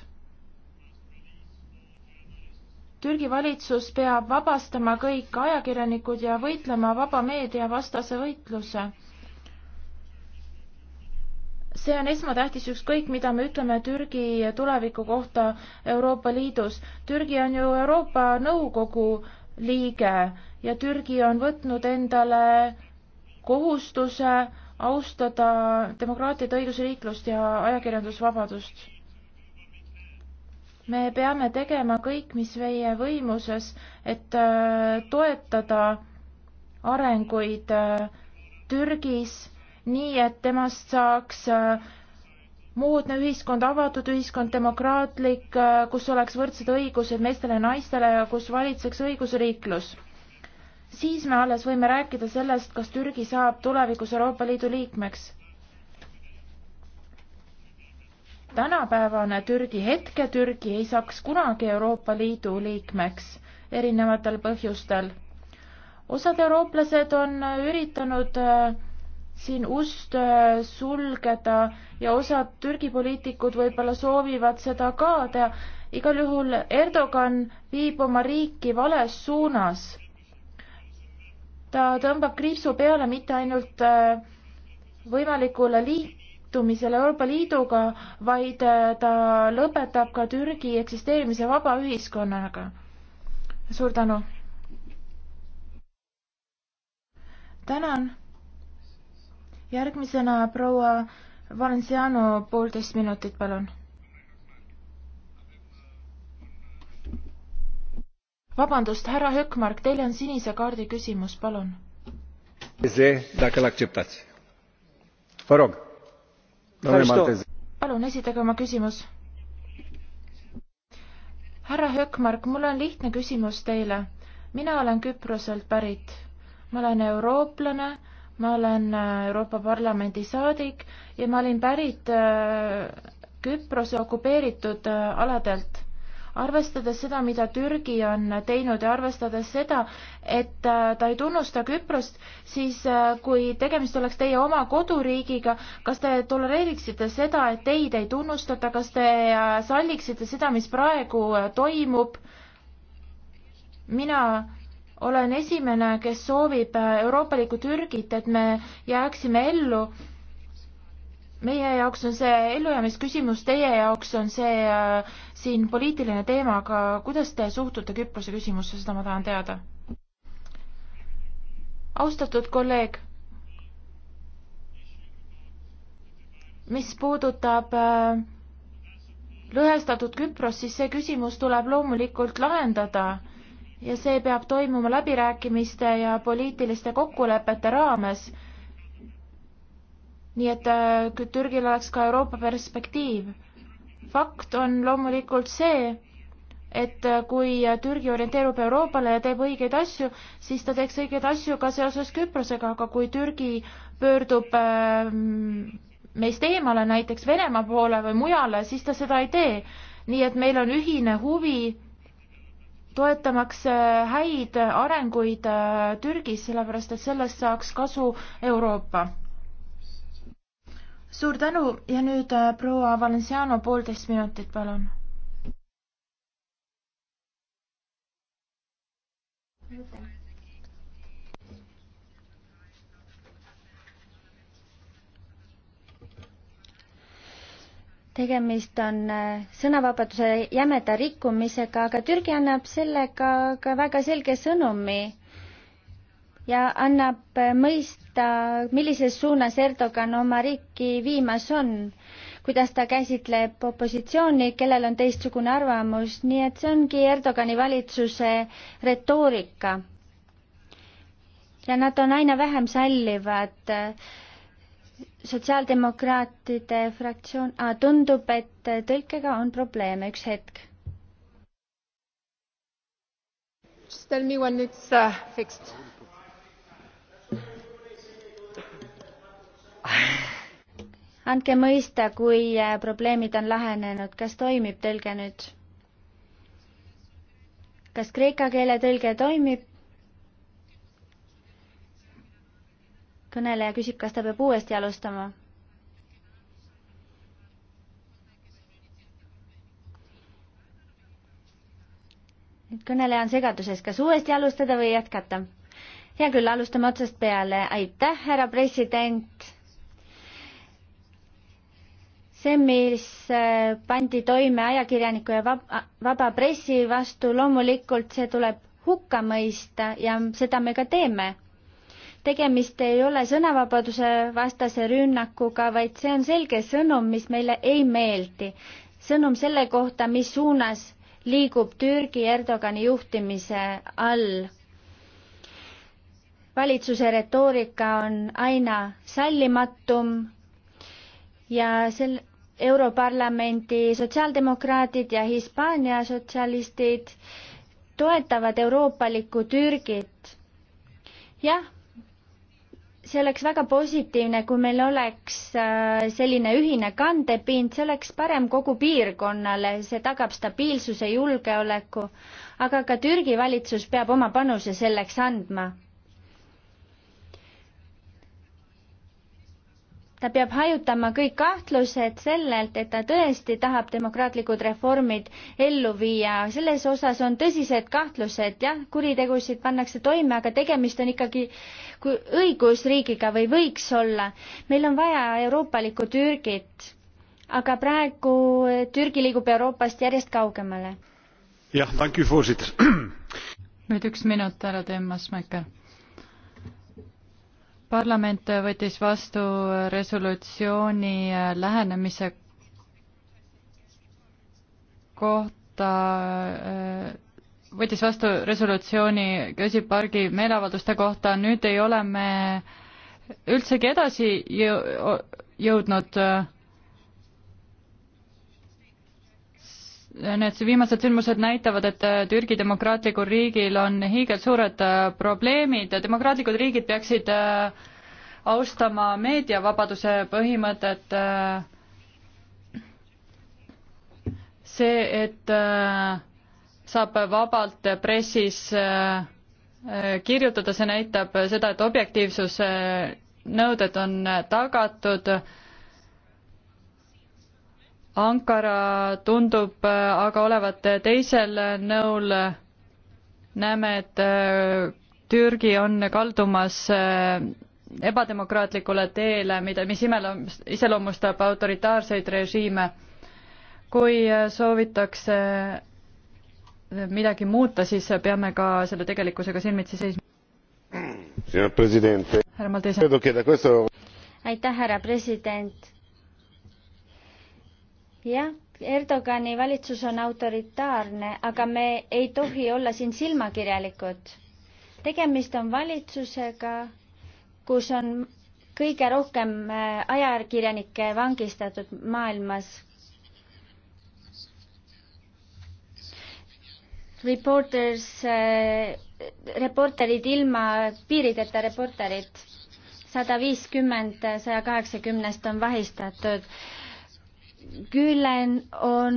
Türgi valitsus peab vabastama kõik ajakirjanikud ja võitlema vaba meedia vastase võitluse. see on esmatähtis ükskõik, mida me ütleme Türgi tuleviku kohta Euroopa Liidus. Türgi on ju Euroopa Nõukogu liige ja Türgi on võtnud endale kohustuse austada demokraatiat, õigusriiklust ja ajakirjandusvabadust. me peame tegema kõik, mis meie võimuses, et äh, toetada arenguid äh, Türgis nii, et temast saaks äh, moodne ühiskond, avatud ühiskond, demokraatlik, kus oleks võrdsed õigused meestele ja naistele ja kus valitseks õigusriiklus siis me alles võime rääkida sellest, kas Türgi saab tulevikus Euroopa Liidu liikmeks. tänapäevane Türgi, hetke Türgi ei saaks kunagi Euroopa Liidu liikmeks erinevatel põhjustel. osad eurooplased on üritanud äh, siin ust äh, sulgeda ja osad Türgi poliitikud võib-olla soovivad seda ka teha. igal juhul Erdogan viib oma riiki vales suunas ta tõmbab kriipsu peale mitte ainult äh, võimalikule liitumisele Euroopa Liiduga, vaid äh, ta lõpetab ka Türgi eksisteerimise vaba ühiskonnaga. suur tänu! tänan! järgmisena proua Valenciano, poolteist minutit, palun vabandust, härra Hökmark, teil on sinise kaardi küsimus, palun. palun esitage oma küsimus. härra Hökmark, mul on lihtne küsimus teile. mina olen Küproselt pärit, ma olen eurooplane ma olen äh, Euroopa Parlamendi saadik ja ma olin pärit äh, Küprose okupeeritud äh, aladelt arvestades seda, mida Türgi on teinud ja arvestades seda, et äh, ta ei tunnusta Küprost, siis äh, kui tegemist oleks teie oma koduriigiga, kas te tolereeriksite seda, et teid ei tunnustata, kas te äh, salliksite seda, mis praegu toimub? mina olen esimene, kes soovib euroopalikku Türgit, et me jääksime ellu meie jaoks on see ellujäämisküsimus, teie jaoks on see siin poliitiline teema, aga kuidas te suhtute Küprose küsimusse, seda ma tahan teada. austatud kolleeg, mis puudutab äh, lõhestatud Küprost, siis see küsimus tuleb loomulikult lahendada ja see peab toimuma läbirääkimiste ja poliitiliste kokkulepete raames. nii et äh, Türgil oleks ka Euroopa perspektiiv fakt on loomulikult see, et kui Türgi orienteerub Euroopale ja teeb õigeid asju, siis ta teeks õigeid asju ka seoses Küprosega, aga kui Türgi pöördub ähm, meist eemale näiteks Venemaa poole või mujale, siis ta seda ei tee. nii et meil on ühine huvi toetamaks äh, häid arenguid äh, Türgis, sellepärast et sellest saaks kasu Euroopa suur tänu ja nüüd äh, proua Valenciano poolteist minutit, palun. tegemist on äh, sõnavabaduse jämeda rikkumisega, aga Türgi annab sellega ka väga selge sõnumi ja annab mõista, millises suunas Erdogan oma riiki viimas on, kuidas ta käsitleb opositsiooni, kellel on teistsugune arvamus, nii et see ongi Erdogani valitsuse retoorika. ja nad on aina vähem sallivad. sotsiaaldemokraatide fraktsioon ah,, tundub, et tõlkega on probleeme, üks hetk. Just tell me when it's uh, fixed andke mõista, kui äh, probleemid on lahenenud, kas toimib tõlge nüüd? kas kreeka keele tõlge toimib? kõneleja küsib, kas ta peab uuesti alustama. nüüd kõneleja on segaduses, kas uuesti alustada või jätkata? hea küll, alustame otsast peale, aitäh, härra president see, mis äh, pandi toime ajakirjaniku ja vaba, vaba pressi vastu, loomulikult see tuleb hukka mõista ja seda me ka teeme. tegemist ei ole sõnavabaduse vastase rünnakuga, vaid see on selge sõnum, mis meile ei meeldi. sõnum selle kohta, mis suunas liigub Türgi Erdogani juhtimise all. valitsuse retoorika on aina sallimatum ja sel-, Europarlamendi sotsiaaldemokraadid ja Hispaania sotsialistid toetavad euroopalikku Türgit. jah, see oleks väga positiivne, kui meil oleks äh, selline ühine kandepind, see oleks parem kogu piirkonnale, see tagab stabiilsuse, julgeoleku, aga ka Türgi valitsus peab oma panuse selleks andma ta peab hajutama kõik kahtlused sellelt, et ta tõesti tahab demokraatlikud reformid ellu viia. selles osas on tõsised kahtlused, jah, kuritegusid pannakse toime, aga tegemist on ikkagi õigusriigiga või võiks olla. meil on vaja euroopalikku Türgit, aga praegu Türgi liigub Euroopast järjest kaugemale. jah, tänku, voorzitter. nüüd üks minut, härra Tõmmas Maiker parlament võttis vastu resolutsiooni äh, lähenemise kohta, äh, võttis vastu resolutsiooni Kösi pargi meeleavalduste kohta, nüüd ei ole me üldsegi edasi jõudnud äh, need viimased sündmused näitavad, et äh, Türgi demokraatlikul riigil on hiigelsuured äh, probleemid, demokraatlikud riigid peaksid äh, austama meediavabaduse põhimõtet, see, et saab vabalt pressis kirjutada, see näitab seda, et objektiivsuse nõuded on tagatud Ankara tundub äh, aga olevat teisel nõul. näeme, et äh, Türgi on kaldumas äh, ebademokraatlikule teele, mida, mis iseloomustab autoritaarseid režiime. kui soovitakse midagi muuta, siis peame ka selle tegelikkusega silmitsi seisma. härra Maldese. aitäh, härra president jah, Erdogani valitsus on autoritaarne, aga me ei tohi olla siin silmakirjalikud. tegemist on valitsusega, kus on kõige rohkem äh, ajakirjanikke vangistatud maailmas. Reporters, äh, reporterid ilma piirideta reporterid, sada viiskümmend saja kaheksakümnest on vahistatud Gülen on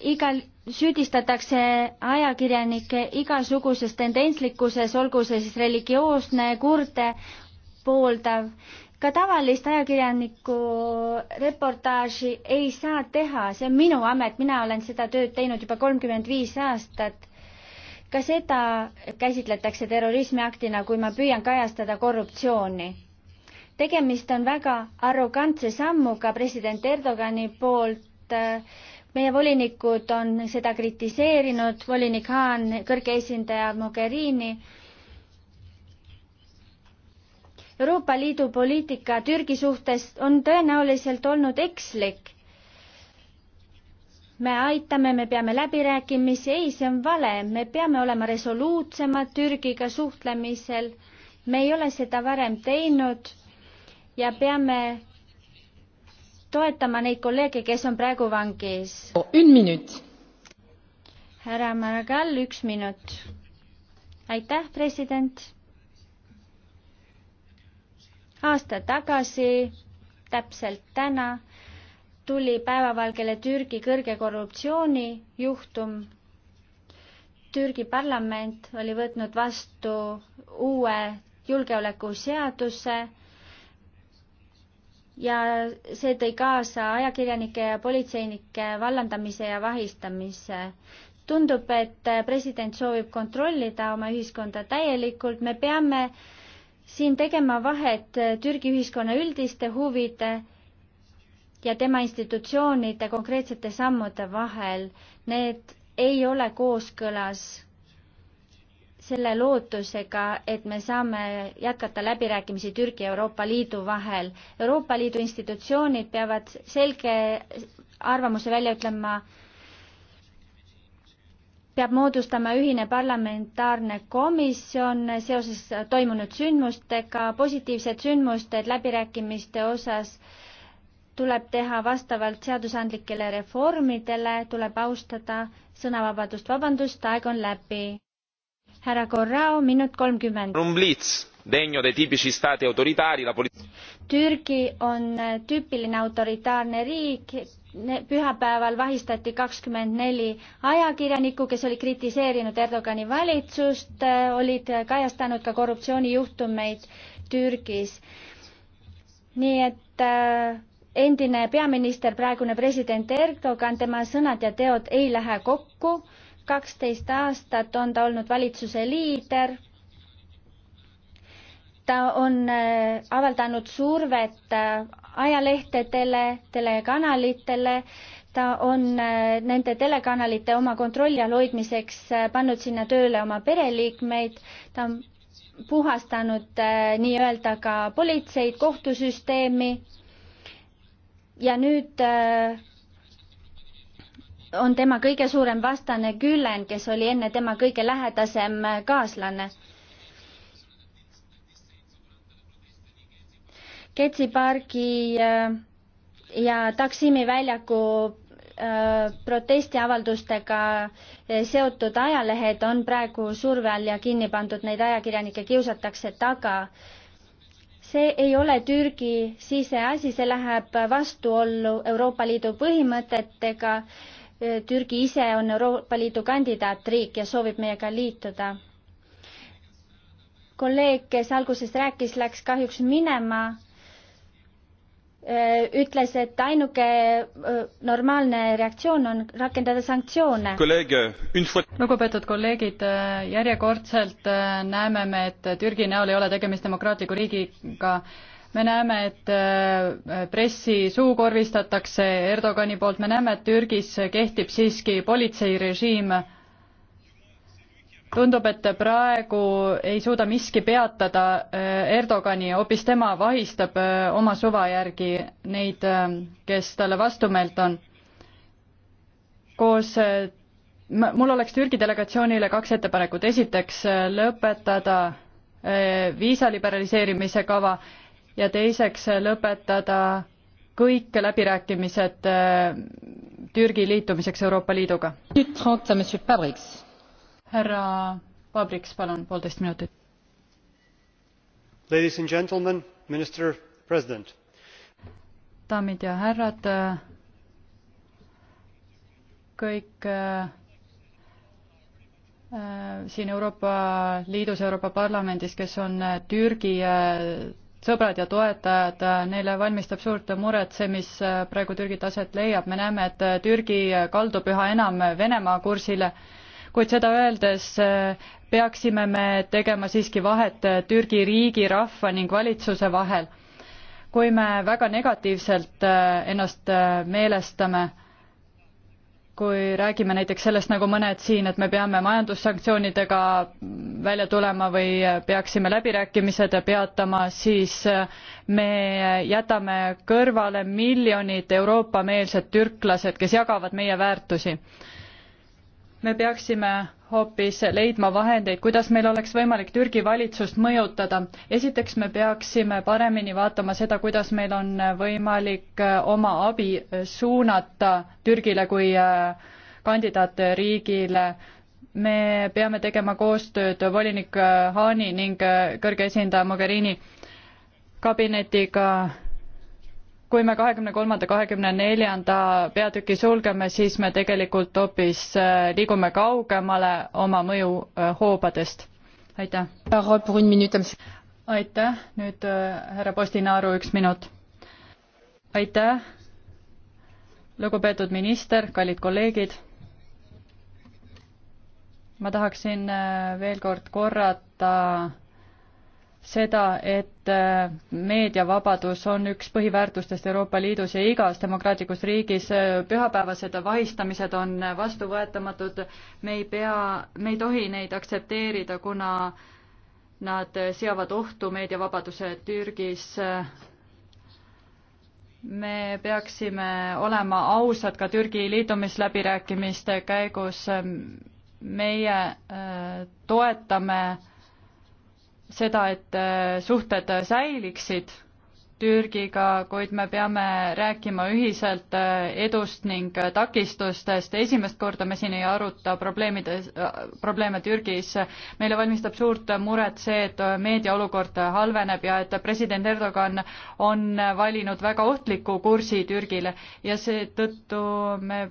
igal, süüdistatakse ajakirjanikke igasuguses tendentslikkuses, olgu see siis religioosne, kurde, pooldav. ka tavalist ajakirjaniku reportaaži ei saa teha, see on minu amet, mina olen seda tööd teinud juba kolmkümmend viis aastat. ka seda käsitletakse terrorismiaktina, kui ma püüan kajastada korruptsiooni tegemist on väga arrogantse sammuga president Erdogani poolt. meie volinikud on seda kritiseerinud, volinik Haan, kõrge esindaja Mogherini. Euroopa Liidu poliitika Türgi suhtes on tõenäoliselt olnud ekslik me aitame, me peame läbirääkimisi, ei, see on vale, me peame olema resoluutsemad Türgiga suhtlemisel. me ei ole seda varem teinud ja peame toetama neid kolleege, kes on praegu vangis oh,. härra Maragall, üks minut. aitäh, president. aasta tagasi, täpselt täna, tuli päevavalgele Türgi kõrge korruptsioonijuhtum. Türgi parlament oli võtnud vastu uue julgeolekuseaduse ja see tõi kaasa ajakirjanike ja politseinike vallandamise ja vahistamise. tundub, et president soovib kontrollida oma ühiskonda täielikult, me peame siin tegema vahet Türgi ühiskonna üldiste huvide ja tema institutsioonide konkreetsete sammude vahel. Need ei ole kooskõlas selle lootusega, et me saame jätkata läbirääkimisi Türgi ja Euroopa Liidu vahel. Euroopa Liidu institutsioonid peavad selge arvamuse välja ütlema, peab moodustama ühine parlamentaarne komisjon seoses toimunud sündmustega, positiivsed sündmused läbirääkimiste osas tuleb teha vastavalt seadusandlikele reformidele, tuleb austada sõnavabadust, vabandust, aeg on läbi härra Corrao, minut kolmkümmend. Degno dei tipici stati autoritari, la Türgi on tüüpiline autoritaarne riik, pühapäeval vahistati kakskümmend neli ajakirjanikku, kes oli kritiseerinud Erdogani valitsust, olid kajastanud ka korruptsioonijuhtumeid Türgis. nii et äh, endine peaminister, praegune president Erdogan, tema sõnad ja teod ei lähe kokku kaksteist aastat on ta olnud valitsuse liider. ta on äh, avaldanud survet äh, ajalehtedele, telekanalitele, ta on äh, nende telekanalite oma kontrolli all hoidmiseks pannud sinna tööle oma pereliikmeid, ta on puhastanud nii-öelda ka politseid, kohtusüsteemi ja nüüd on tema kõige suurem vastane Gülen, kes oli enne tema kõige lähedasem kaaslane. Ketsi pargi äh, ja Taksimi väljaku äh, protestiavaldustega äh, seotud ajalehed on praegu surve all ja kinni pandud, neid ajakirjanikke kiusatakse taga. see ei ole Türgi siseasi, see läheb vastuollu Euroopa Liidu põhimõtetega Türgi ise on Euroopa Liidu kandidaatriik ja soovib meiega liituda. kolleeg, kes alguses rääkis, läks kahjuks minema, äh, ütles, et ainuke äh, normaalne reaktsioon on rakendada sanktsioone. lugupeetud kolleegid, äh, järjekordselt näeme me, et Türgi näol ei ole tegemist demokraatliku riigiga me näeme, et äh, pressi suukorvistatakse Erdogani poolt, me näeme, et Türgis kehtib siiski politseirežiim. tundub, et praegu ei suuda miski peatada äh, Erdogani, hoopis tema vahistab äh, oma suva järgi neid, kes talle vastumeelt on. koos mul oleks Türgi delegatsioonile kaks ettepanekut, esiteks lõpetada viisa liberaliseerimise kava ja teiseks lõpetada kõik läbirääkimised äh, Türgi liitumiseks Euroopa Liiduga. härra Pabriks, palun, poolteist minutit. daamid ja härrad, kõik äh, siin Euroopa Liidus, Euroopa Parlamendis, kes on äh, Türgi sõbrad ja toetajad, neile valmistab suurt muret see, mis äh, praegu Türgit aset leiab, me näeme, et äh, Türgi kaldub üha enam Venemaa kursile, kuid seda öeldes äh, peaksime me tegema siiski vahet Türgi riigi, rahva ning valitsuse vahel. kui me väga negatiivselt ennast meelestame kui räägime näiteks sellest, nagu mõned siin, et me peame majandussanktsioonidega välja tulema või peaksime läbirääkimised peatama, siis äh, me jätame kõrvale miljonid Euroopa-meelsed türklased, kes jagavad meie väärtusi me peaksime hoopis leidma vahendeid, kuidas meil oleks võimalik Türgi valitsust mõjutada. esiteks me peaksime paremini vaatama seda, kuidas meil on võimalik äh, oma abi suunata Türgile kui äh, kandidaatriigile. me peame tegema koostööd volinik äh, Haani ning kõrge esindaja Mogherini kabinetiga kui me kahekümne kolmanda, kahekümne neljanda peatüki sulgeme, siis me tegelikult hoopis äh, liigume kaugemale oma mõjuhoobadest. Äh, aitäh. aitäh, nüüd äh, härra Postinaaru üks minut. aitäh, lugupeetud minister, kallid kolleegid. ma tahaksin veel kord korrata seda, et äh, meediavabadus on üks põhiväärtustest Euroopa Liidus ja igas demokraatlikus riigis. Äh, pühapäevased vahistamised on vastuvõetamatud, me ei pea, me ei tohi neid aktsepteerida, kuna nad seavad ohtu meediavabaduse Türgis. me peaksime olema ausad ka Türgi liitumisläbirääkimiste käigus. meie äh, toetame äh, seda, et äh, suhted säiliksid Türgiga, kuid me peame rääkima ühiselt äh, edust ning äh, takistustest. esimest korda me siin ei aruta probleemide, probleeme Türgis. meile valmistab suurt muret see, et meedia olukord halveneb ja et president Erdogan on valinud väga ohtliku kursi Türgile ja seetõttu me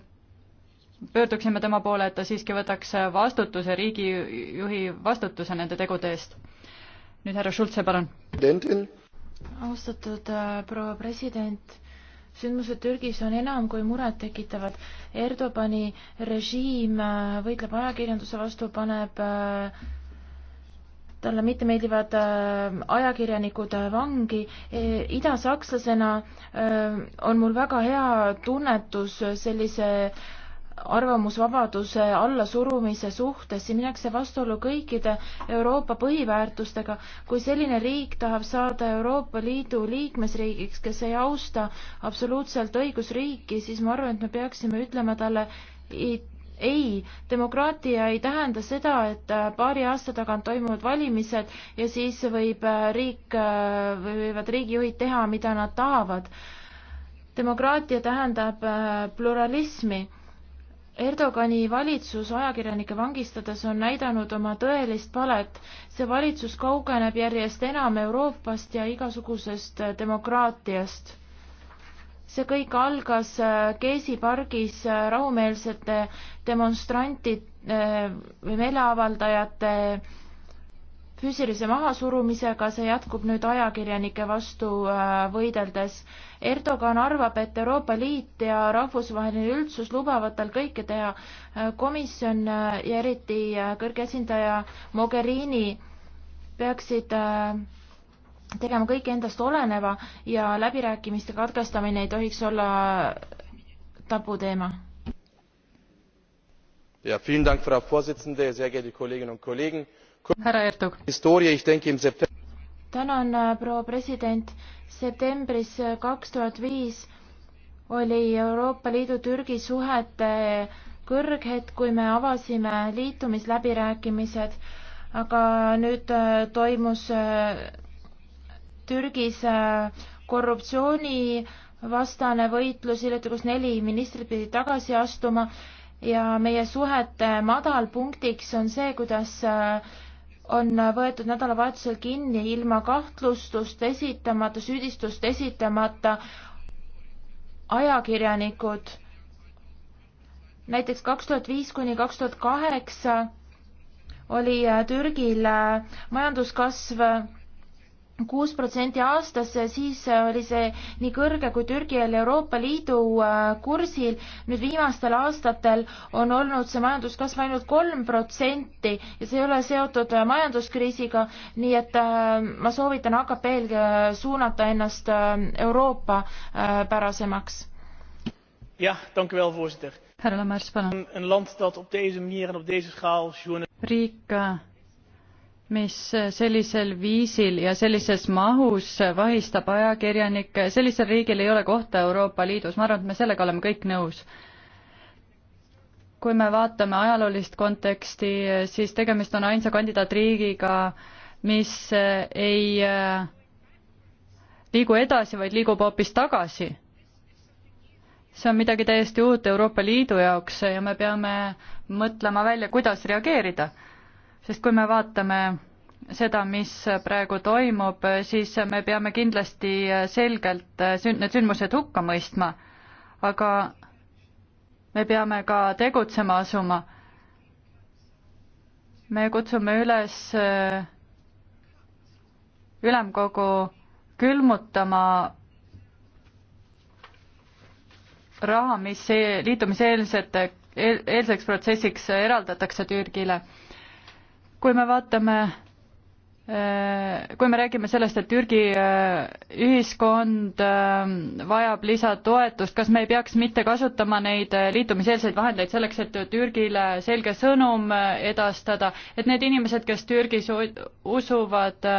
pöörduksime tema poole, et ta siiski võtaks vastutuse, riigijuhi vastutuse nende tegude eest nüüd härra Schulze, palun. austatud äh, proua president sündmused Türgis on enam kui murettekitavad. Erdogani režiim äh, võitleb ajakirjanduse vastu, paneb äh, talle mittemeeldivad ajakirjanikud vangi. E, idasakslasena on mul väga hea tunnetus sellise arvamusvabaduse allasurumise suhtes, siin minnakse vastuollu kõikide Euroopa põhiväärtustega. kui selline riik tahab saada Euroopa Liidu liikmesriigiks, kes ei austa absoluutselt õigusriiki, siis ma arvan, et me peaksime ütlema talle ei, demokraatia ei tähenda seda, et paari aasta tagant toimuvad valimised ja siis võib äh, riik või äh, võivad riigijuhid teha, mida nad tahavad. demokraatia tähendab äh, pluralismi Erdogani valitsus ajakirjanike vangistades on näidanud oma tõelist palet. see valitsus kaugeneb järjest enam Euroopast ja igasugusest demokraatiast. see kõik algas Keesi äh, pargis äh, rahumeelsete demonstrantide äh, või meeleavaldajate füüsilise mahasurumisega, see jätkub nüüd ajakirjanike vastu äh, võideldes. Erdogan arvab, et Euroopa Liit ja rahvusvaheline üldsus lubavad tal kõike teha. Äh, komisjon äh, ja eriti kõrge esindaja Mogherini peaksid tegema kõik endast oleneva ja läbirääkimiste katkestamine ei tohiks olla tabuteema. Ja, vielen Dank, Frau Vorsitzende, sehr geehrte Kolleginnen und Kollegen härra Ertug. tänan, äh, proua president. septembris äh, kaks tuhat viis oli Euroopa Liidu Türgi suhete kõrghetk, kui me avasime liitumisläbirääkimised, aga nüüd äh, toimus Türgis korruptsioonivastane võitlus, hiljuti kus neli ministrit pidid tagasi astuma ja meie suhete madalpunktiks on see, kuidas on võetud nädalavahetusel kinni ilma kahtlustust esitamata, süüdistust esitamata ajakirjanikud. näiteks kaks tuhat viis kuni kaks tuhat kaheksa oli äh, Türgil äh, majanduskasv kuus protsenti aastas, siis oli see nii kõrge kui Türgi oli Euroopa Liidu äh, kursil. nüüd viimastel aastatel on olnud see majanduskasv ainult kolm protsenti ja see ei ole seotud äh, majanduskriisiga, nii et äh, ma soovitan AKP-l suunata ennast Euroopa pärasemaks. jah, tänku veel, voorzitter. härra Lammers, palun. riik mis sellisel viisil ja sellises mahus vahistab ajakirjanikke, sellisel riigil ei ole kohta Euroopa Liidus, ma arvan, et me sellega oleme kõik nõus. kui me vaatame ajaloolist konteksti, siis tegemist on ainsa kandidaatriigiga, mis ei äh, liigu edasi, vaid liigub hoopis tagasi. see on midagi täiesti uut Euroopa Liidu jaoks ja me peame mõtlema välja, kuidas reageerida sest kui me vaatame seda, mis praegu toimub, siis me peame kindlasti selgelt sünd-, need sündmused hukka mõistma, aga me peame ka tegutsema asuma. me kutsume üles äh, ülemkogu külmutama raha, mis e-, liitumiseelsete, eelseks protsessiks eraldatakse Türgile kui me vaatame kui me räägime sellest, et Türgi äh, ühiskond äh, vajab lisatoetust, kas me ei peaks mitte kasutama neid äh, liitumiseelseid vahendeid selleks, et Türgile selge sõnum edastada, et need inimesed, kes Türgis usuvad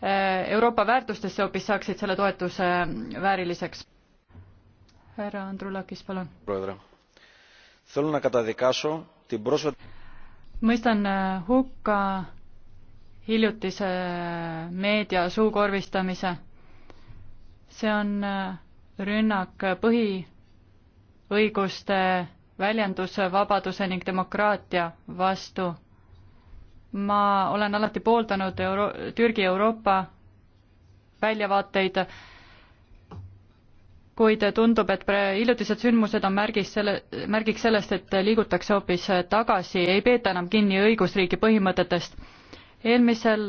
Euroopa väärtustesse, hoopis saaksid selle toetuse vääriliseks? härra Andrulakis, palun mõistan äh, hukka hiljutise äh, meedia suukorvistamise. see on äh, rünnak põhiõiguste väljendusvabaduse ning demokraatia vastu. ma olen alati pooldanud Euro-, Türgi Euroopa väljavaateid kuid tundub, et hiljutised sündmused on märgis selle, märgiks sellest, et liigutakse hoopis tagasi, ei peeta enam kinni õigusriigi põhimõtetest. eelmisel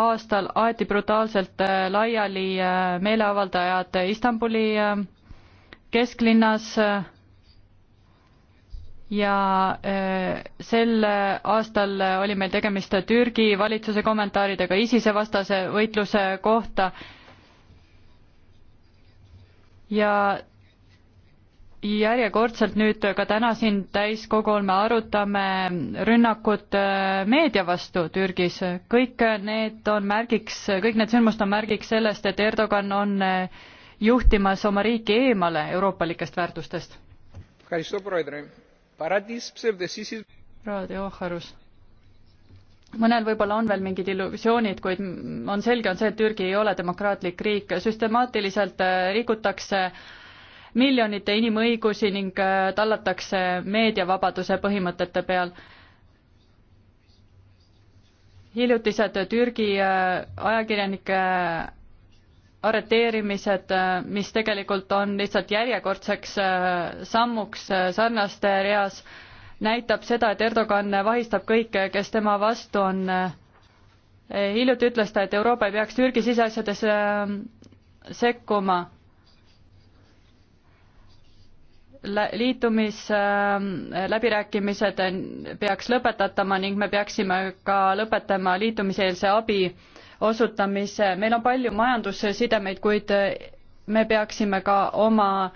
aastal aeti brutaalselt äh, laiali äh, meeleavaldajad Istanbuli äh, kesklinnas ja sel aastal oli meil tegemist Türgi valitsuse kommentaaridega ISISe vastase võitluse kohta ja järjekordselt nüüd ka täna siin täiskogul me arutame rünnakut äh, meedia vastu Türgis. kõik need on märgiks, kõik need sündmused on märgiks sellest, et Erdogan on äh, juhtimas oma riiki eemale euroopalikest väärtustest. proua Teoharus mõnel võib-olla on veel mingid illusioonid, kuid on selge, on see, et Türgi ei ole demokraatlik riik, süstemaatiliselt äh, rikutakse miljonite inimõigusi ning äh, tallatakse meediavabaduse põhimõtete peal. hiljutised Türgi äh, ajakirjanike arreteerimised, mis tegelikult on lihtsalt järjekordseks sammuks sarnaste reas, näitab seda, et Erdogan vahistab kõike, kes tema vastu on. hiljuti ütles ta, et Euroopa ei peaks Türgi siseasjadesse ähm, sekkuma. liitumisläbirääkimised ähm, peaks lõpetatama ning me peaksime ka lõpetama liitumiseelse abi osutamise. meil on palju majandussidemeid, kuid me peaksime ka oma äh,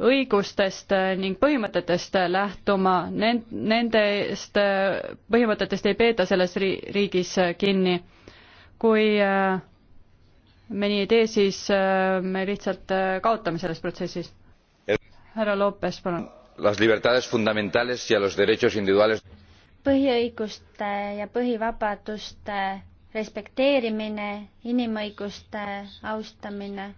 õigustest ning põhimõtetest lähtuma, nendest äh, põhimõtetest ei peeta selles riigis kinni. kui äh, me nii ei tee, siis äh, me lihtsalt kaotame selles protsessis. härra Lopes, palun. Las libertades fundamentales ja los derechos individuales põhiõiguste ja põhivabaduste respekteerimine, inimõiguste austamine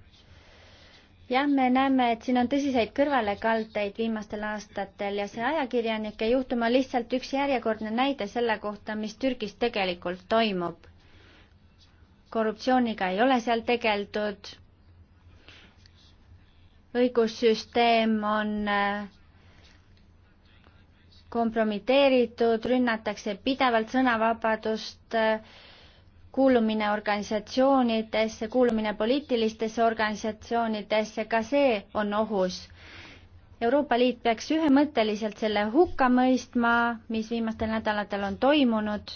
jah, me näeme, et siin on tõsiseid kõrvalekaldeid viimastel aastatel ja see ajakirjanike juhtum on lihtsalt üks järjekordne näide selle kohta, mis Türgis tegelikult toimub. korruptsiooniga ei ole seal tegeldud, õigussüsteem on äh, kompromiteeritud, rünnatakse pidevalt sõnavabadust äh,, kuulumine organisatsioonidesse, kuulumine poliitilistesse organisatsioonidesse, ka see on ohus. Euroopa Liit peaks ühemõtteliselt selle hukka mõistma, mis viimastel nädalatel on toimunud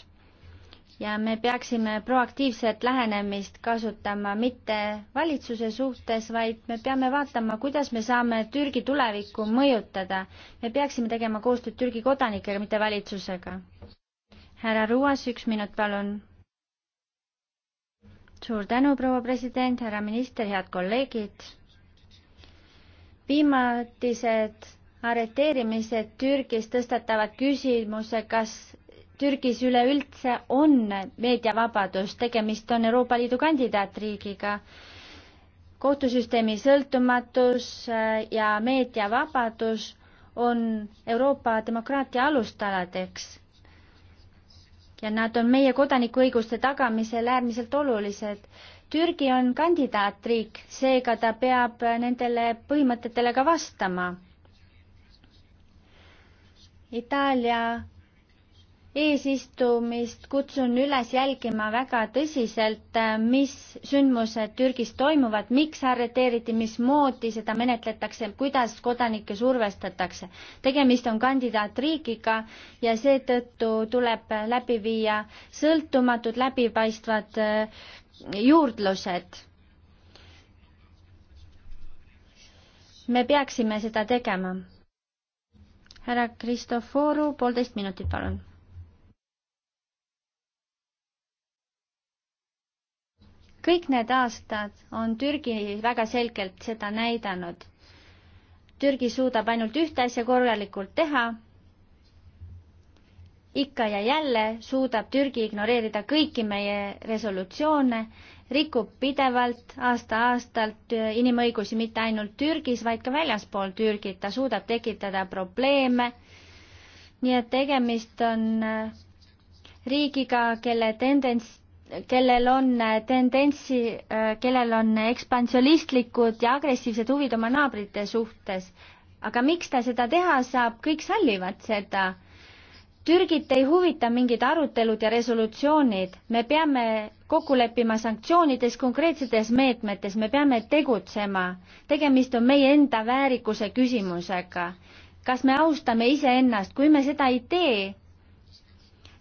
ja me peaksime proaktiivset lähenemist kasutama mitte valitsuse suhtes, vaid me peame vaatama, kuidas me saame Türgi tulevikku mõjutada. me peaksime tegema koostööd Türgi kodanikega, mitte valitsusega. härra Ruas, üks minut, palun suur tänu, proua president, härra minister, head kolleegid. viimatised arreteerimised Türgis tõstatavad küsimuse, kas Türgis üleüldse on meediavabadus, tegemist on Euroopa Liidu kandidaatriigiga. kohtusüsteemi sõltumatus äh, ja meediavabadus on Euroopa demokraatia alustaladeks ja nad on meie kodanikuõiguste tagamisel äärmiselt olulised. Türgi on kandidaatriik, seega ta peab nendele põhimõtetele ka vastama. Itaalia eesistumist kutsun üles jälgima väga tõsiselt, äh, mis sündmused Türgis toimuvad, miks arreteeriti, mismoodi seda menetletakse, kuidas kodanikke survestatakse. tegemist on kandidaatriigiga ja seetõttu tuleb läbi viia sõltumatud läbipaistvad äh, juurdlused. me peaksime seda tegema. härra Kristoforu, poolteist minutit, palun kõik need aastad on Türgi väga selgelt seda näidanud. Türgi suudab ainult ühte asja korralikult teha. ikka ja jälle suudab Türgi ignoreerida kõiki meie resolutsioone, rikub pidevalt aasta-aastalt inimõigusi mitte ainult Türgis, vaid ka väljaspool Türgit, ta suudab tekitada probleeme. nii et tegemist on riigiga, kelle tendents kellel on äh, tendentsi, äh, kellel on ekspansionistlikud ja agressiivsed huvid oma naabrite suhtes. aga miks ta seda teha saab, kõik sallivad seda. Türgit ei huvita mingid arutelud ja resolutsioonid, me peame kokku leppima sanktsioonides, konkreetsetes meetmetes, me peame tegutsema. tegemist on meie enda väärikuse küsimusega. kas me austame iseennast, kui me seda ei tee,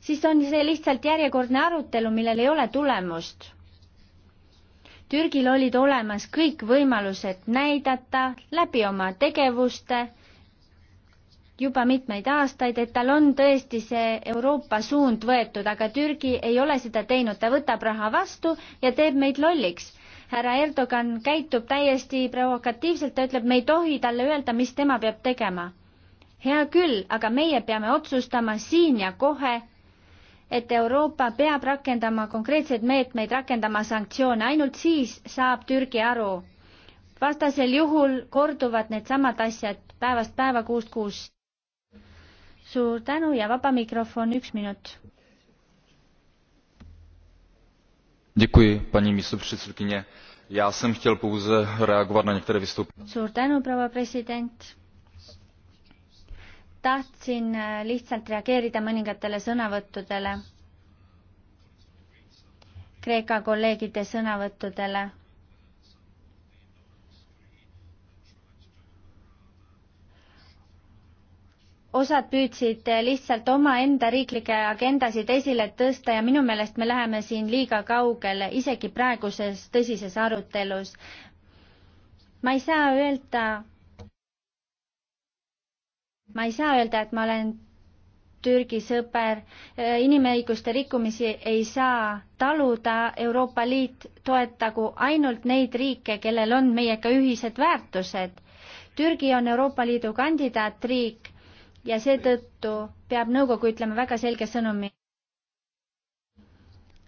siis on see lihtsalt järjekordne arutelu, millel ei ole tulemust. Türgil olid olemas kõik võimalused näidata läbi oma tegevuste juba mitmeid aastaid, et tal on tõesti see Euroopa suund võetud, aga Türgi ei ole seda teinud, ta võtab raha vastu ja teeb meid lolliks. härra Erdogan käitub täiesti provokatiivselt, ta ütleb, me ei tohi talle öelda, mis tema peab tegema. hea küll, aga meie peame otsustama siin ja kohe et Euroopa peab rakendama konkreetseid meetmeid, rakendama sanktsioone, ainult siis saab Türgi aru. vastasel juhul korduvad needsamad asjad päevast päeva, kuust kuus. suur tänu ja vaba mikrofon, üks minut. Děkuji, paní místopředsedkyně. Já jsem chtěl pouze reagovat na některé vystoupení. Suur tänu, proua president tahtsin äh, lihtsalt reageerida mõningatele sõnavõttudele, Kreeka kolleegide sõnavõttudele. osad püüdsid äh, lihtsalt omaenda riiklikke agendasid esile tõsta ja minu meelest me läheme siin liiga kaugele, isegi praeguses tõsises arutelus. ma ei saa öelda ma ei saa öelda, et ma olen Türgi sõber, äh, inimõiguste rikkumisi ei saa taluda, Euroopa Liit toetagu ainult neid riike, kellel on meiega ühised väärtused. Türgi on Euroopa Liidu kandidaatriik ja seetõttu peab nõukogu ütlema väga selge sõnumi.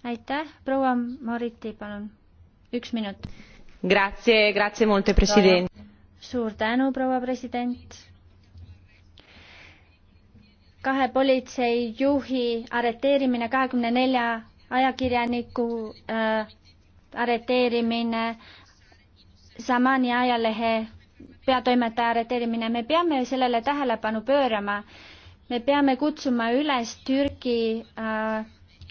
aitäh, proua Moriti, palun, üks minut. Grazie, grazie molte, president. suur tänu, proua president kahe politseijuhi arreteerimine, kahekümne nelja ajakirjaniku äh, arreteerimine, Samani ajalehe peatoimetaja arreteerimine, me peame sellele tähelepanu pöörama. me peame kutsuma üles Türgi äh,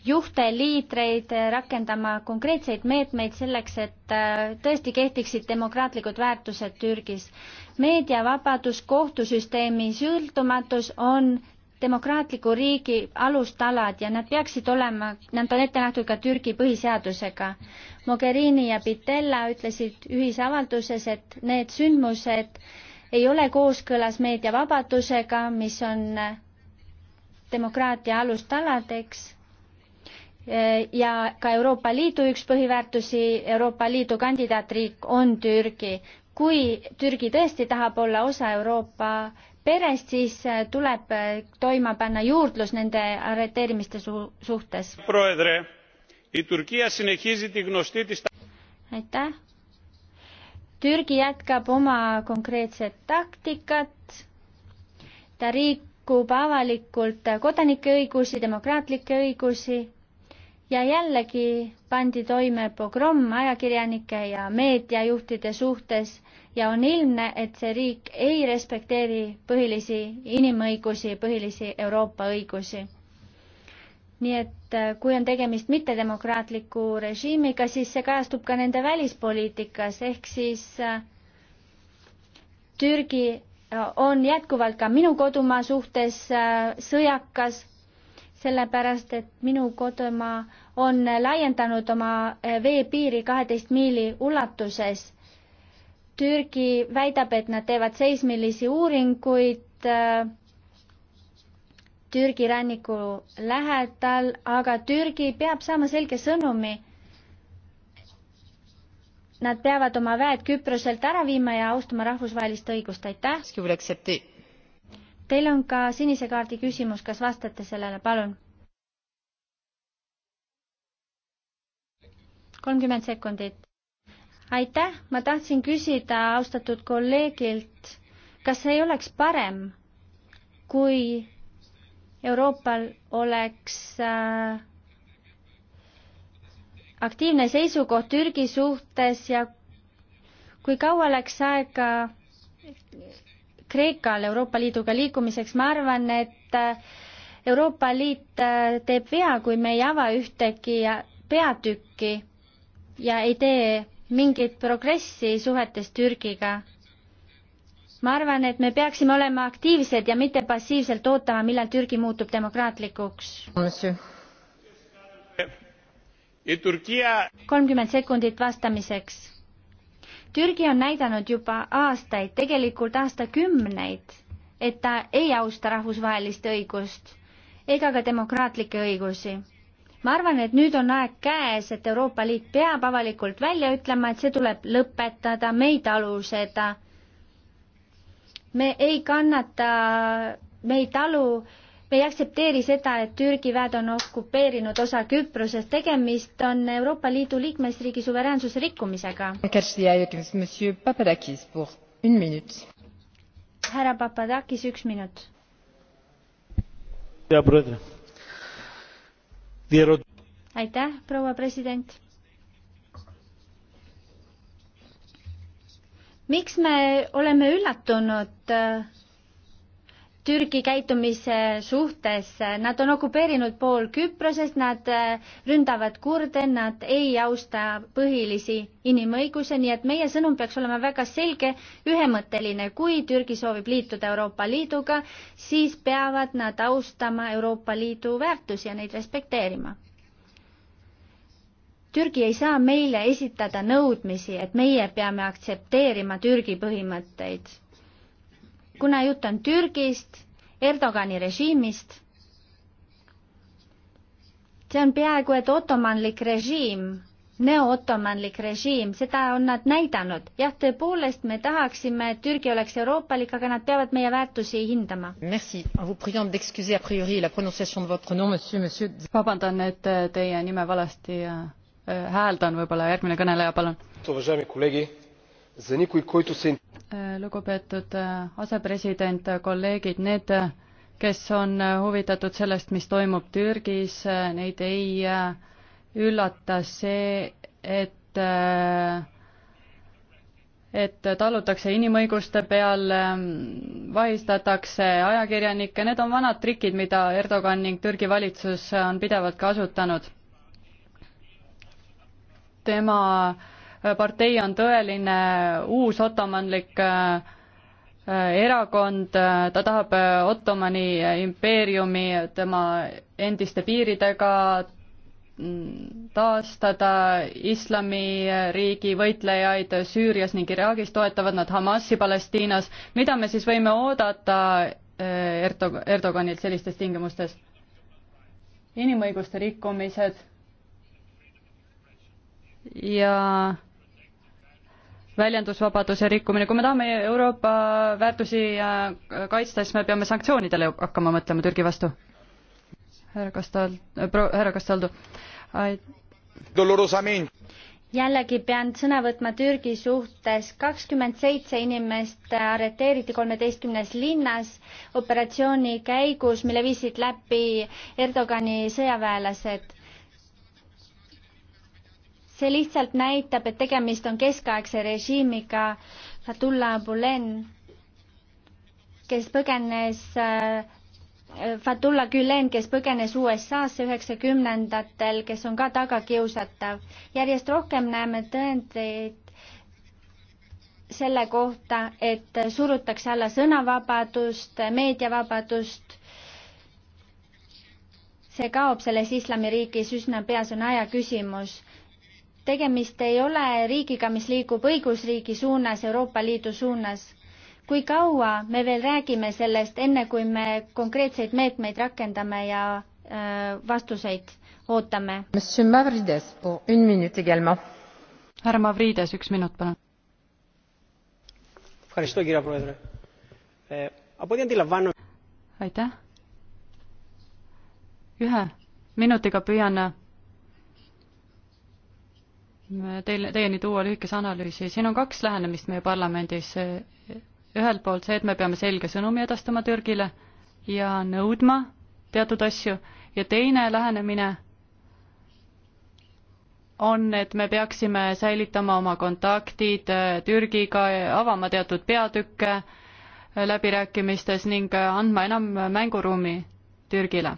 juhte, liidreid äh, rakendama konkreetseid meetmeid selleks, et äh, tõesti kehtiksid demokraatlikud väärtused Türgis. meediavabadus, kohtusüsteemi sõltumatus on demokraatliku riigi alustalad ja nad peaksid olema, nad on ette nähtud ka Türgi põhiseadusega. Mogherini ja Pitella ütlesid ühisavalduses, et need sündmused ei ole kooskõlas meediavabadusega, mis on demokraatia alustaladeks eh, ja ka Euroopa Liidu üks põhiväärtusi, Euroopa Liidu kandidaatriik on Türgi. kui Türgi tõesti tahab olla osa Euroopa perest, siis äh, tuleb äh, toima panna juurdlus nende arreteerimiste su-, suhtes. aitäh. Türgi jätkab oma konkreetset taktikat, ta rikub avalikult kodanike õigusi, demokraatlikke õigusi ja jällegi pandi toime pogromm ajakirjanike ja meediajuhtide suhtes ja on ilmne, et see riik ei respekteeri põhilisi inimõigusi, põhilisi Euroopa õigusi. nii et äh, kui on tegemist mittedemokraatliku režiimiga, siis see kajastub ka nende välispoliitikas, ehk siis äh, Türgi äh, on jätkuvalt ka minu kodumaa suhtes sõjakas, sellepärast et minu kodumaa on laiendanud oma veepiiri kaheteist miili ulatuses Türgi väidab, et nad teevad seismilisi uuringuid äh, Türgi ranniku lähedal, aga Türgi peab saama selge sõnumi. Nad peavad oma väed Küproselt ära viima ja austama rahvusvahelist õigust, aitäh. Teil on ka sinise kaardi küsimus, kas vastate sellele, palun? kolmkümmend sekundit aitäh, ma tahtsin küsida austatud kolleegilt, kas ei oleks parem, kui Euroopal oleks äh, aktiivne seisukoht Türgi suhtes ja kui kaua läks aega Kreekal Euroopa Liiduga liikumiseks, ma arvan, et äh, Euroopa Liit äh, teeb vea, kui me ei ava ühtegi äh, peatükki ja ei tee mingit progressi suhetes Türgiga. ma arvan, et me peaksime olema aktiivsed ja mitte passiivselt ootama, millal Türgi muutub demokraatlikuks. kolmkümmend sekundit vastamiseks. Türgi on näidanud juba aastaid, tegelikult aastakümneid, et ta ei austa rahvusvahelist õigust ega ka demokraatlikke õigusi ma arvan, et nüüd on aeg käes, et Euroopa Liit peab avalikult välja ütlema, et see tuleb lõpetada, me ei talu seda. me ei kannata, me ei talu, me ei aktsepteeri seda, et Türgi väed on okupeerinud osa Küprosest, tegemist on Euroopa Liidu liikmesriigi suveräänsuse rikkumisega. härra Papadakis, üks minut. hea proua aitäh, proua president. miks me oleme üllatunud äh, Türgi käitumise suhtes. Nad on okupeerinud pool Küprosest, nad äh, ründavad kurde, nad ei austa põhilisi inimõiguse, nii et meie sõnum peaks olema väga selge, ühemõtteline. kui Türgi soovib liituda Euroopa Liiduga, siis peavad nad austama Euroopa Liidu väärtusi ja neid respekteerima. Türgi ei saa meile esitada nõudmisi, et meie peame aktsepteerima Türgi põhimõtteid kuna jutt on Türgist, Erdogani režiimist, see on peaaegu et ottomanlik režiim, neootomanlik režiim, seda on nad näidanud. jah, tõepoolest, me tahaksime, et Türgi oleks euroopalik, aga nad peavad meie väärtusi hindama. vabandan, et äh, teie nime valesti äh, äh, hääldan, võib-olla järgmine kõneleja, palun. Äh, lugupeetud äh, asepresident, äh, kolleegid, need, kes on huvitatud sellest, mis toimub Türgis, neid ei üllata see, et et tallutakse inimõiguste peal, ähm, vahistatakse ajakirjanikke, need on vanad trikid, mida Erdogan ning Türgi valitsus on pidevalt kasutanud. tema äh, partei on tõeline uusottomanlik äh, erakond, äh, ta tahab äh, Ottomani impeeriumi tema endiste piiridega mm, taastada islamiriigi võitlejaid Süürias ning Iraagis, toetavad nad Hamasi Palestiinas. mida me siis võime oodata Erdo-, Erdoganilt sellistes tingimustes? inimõiguste rikkumised ja väljendusvabaduse rikkumine, kui me tahame Euroopa väärtusi äh, kaitsta, siis me peame sanktsioonidele hakkama mõtlema Türgi vastu. härra Kastal-, härra Kastaldu. jällegi pean sõna võtma Türgi suhtes, kakskümmend seitse inimest arreteeriti kolmeteistkümnes linnas operatsiooni käigus, mille viisid läbi Erdogani sõjaväelased see lihtsalt näitab, et tegemist on keskaegse režiimiga. Fatullah Bulen, kes põgenes äh, Fatullah Gülen, kes põgenes USA-sse üheksakümnendatel, kes on ka tagakiusatav. järjest rohkem näeme tõendeid selle kohta, et surutakse alla sõnavabadust, meediavabadust. see kaob selles islamiriigis üsna pea, see on aja küsimus tegemist ei ole riigiga, mis liigub õigusriigi suunas, Euroopa Liidu suunas. kui kaua me veel räägime sellest, enne kui me konkreetseid meetmeid rakendame ja öö, vastuseid ootame? härra Mavrides, üks minut, palun. aitäh. ühe minutiga püüan teile, teieni tuua lühikese analüüsi. siin on kaks lähenemist meie parlamendis. ühelt poolt see, et me peame selge sõnumi edastama Türgile ja nõudma teatud asju ja teine lähenemine on, et me peaksime säilitama oma kontaktid Türgiga, avama teatud peatükke läbirääkimistes ning andma enam mänguruumi Türgile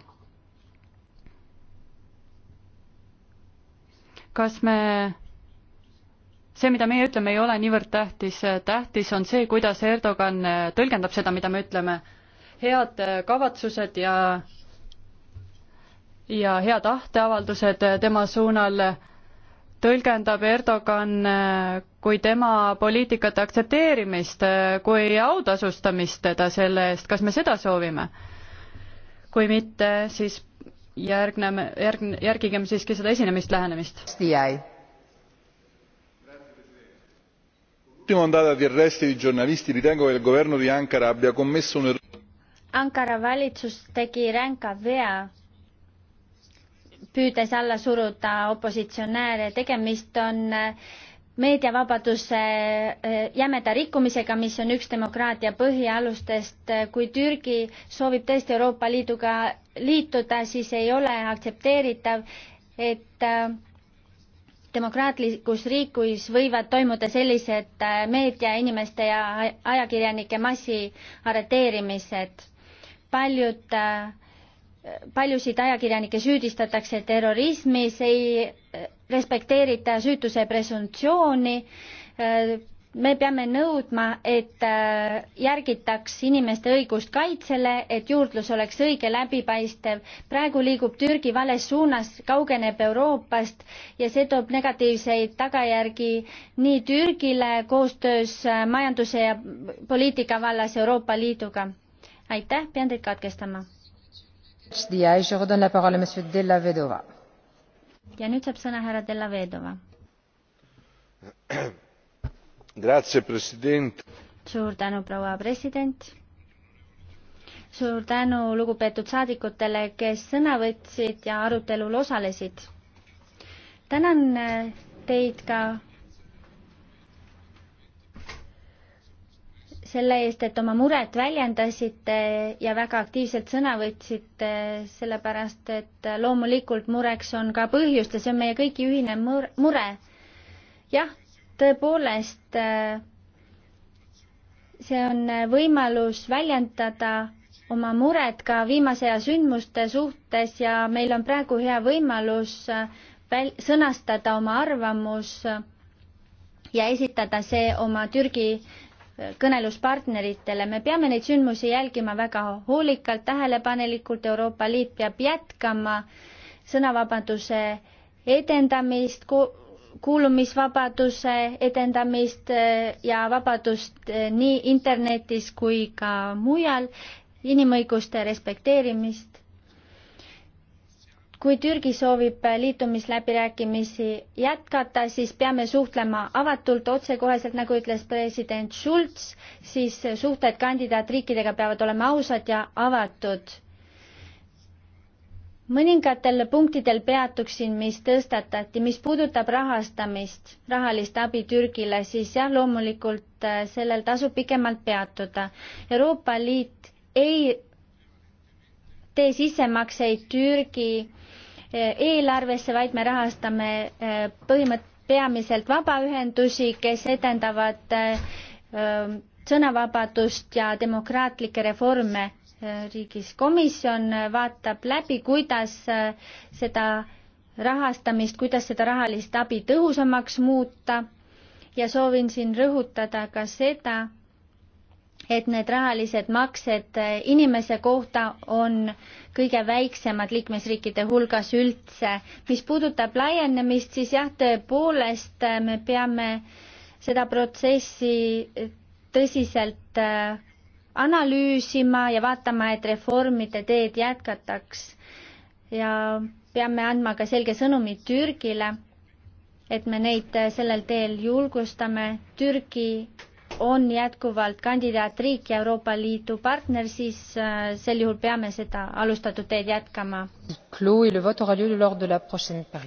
kas me, see, mida meie ütleme, ei ole niivõrd tähtis, tähtis on see, kuidas Erdogan tõlgendab seda, mida me ütleme. head kavatsused ja, ja hea tahteavaldused tema suunal tõlgendab Erdogan kui tema poliitikate aktsepteerimist, kui autasustamist teda selle eest, kas me seda soovime? kui mitte, siis järgneme, järg-, järgigem siiski seda esinemist, lähenemist. Ankara valitsus tegi ränka vea, püüdes alla suruda opositsionääre, tegemist on äh, meediavabaduse äh, jämeda rikkumisega, mis on üks demokraatia põhialustest. Äh, kui Türgi soovib tõesti Euroopa Liiduga liituda, siis ei ole aktsepteeritav, et äh, demokraatlikus riigis võivad toimuda sellised meediainimeste ja ajakirjanike massiarreteerimised. paljud paljusid ajakirjanikke süüdistatakse terrorismis, ei eh, respekteerita süütuse presumptsiooni. Eh, me peame nõudma, et eh, järgitaks inimeste õigust kaitsele, et juurdlus oleks õige, läbipaistev. praegu liigub Türgi vales suunas, kaugeneb Euroopast ja see toob negatiivseid tagajärgi nii Türgile koostöös majanduse ja poliitika vallas Euroopa Liiduga. aitäh, pean teid katkestama ja nüüd saab sõna härra della vedova. [CLEARS THROAT] suur tänu proua president suur tänu lugupeetud saadikutele kes sõna võtsid ja arutelul osalesid tänan äh, teid ka selle eest, et oma muret väljendasite ja väga aktiivselt sõna võtsite, sellepärast et loomulikult mureks on ka põhjust ja see on meie kõigi ühine mure. jah, tõepoolest, see on võimalus väljendada oma mured ka viimase aja sündmuste suhtes ja meil on praegu hea võimalus väl-, sõnastada oma arvamus ja esitada see oma Türgi kõneluspartneritele, me peame neid sündmusi jälgima väga hoolikalt, tähelepanelikult, Euroopa Liit peab jätkama sõnavabaduse edendamist, kuulumisvabaduse edendamist äh, ja vabadust äh, nii internetis kui ka mujal, inimõiguste respekteerimist kui Türgi soovib liitumisläbirääkimisi jätkata, siis peame suhtlema avatult, otsekoheselt, nagu ütles president Schulz, siis suhted kandidaatriikidega peavad olema ausad ja avatud. mõningatel punktidel peatuksin, mis tõstatati, mis puudutab rahastamist, rahalist abi Türgile, siis jah, loomulikult äh, sellel tasub pikemalt peatuda. Euroopa Liit ei tee sissemakseid Türgi eelarvesse, vaid me rahastame äh, põhimõtteliselt peamiselt vabaühendusi, kes edendavad äh, ähm, sõnavabadust ja demokraatlikke reforme äh, riigis. komisjon vaatab läbi, kuidas seda rahastamist, kuidas seda rahalist abi tõhusamaks muuta ja soovin siin rõhutada ka seda, et need rahalised maksed äh, inimese kohta on kõige väiksemad liikmesriikide hulgas üldse. mis puudutab laienemist, siis jah, tõepoolest äh, me peame seda protsessi äh, tõsiselt analüüsima ja vaatama, et reformide teed jätkataks ja peame andma ka selge sõnumi Türgile, et me neid sellel teel julgustame. Türgi on jätkuvalt kandidaatriik ja Euroopa Liidu partner, siis äh, sel juhul peame seda alustatud teed jätkama.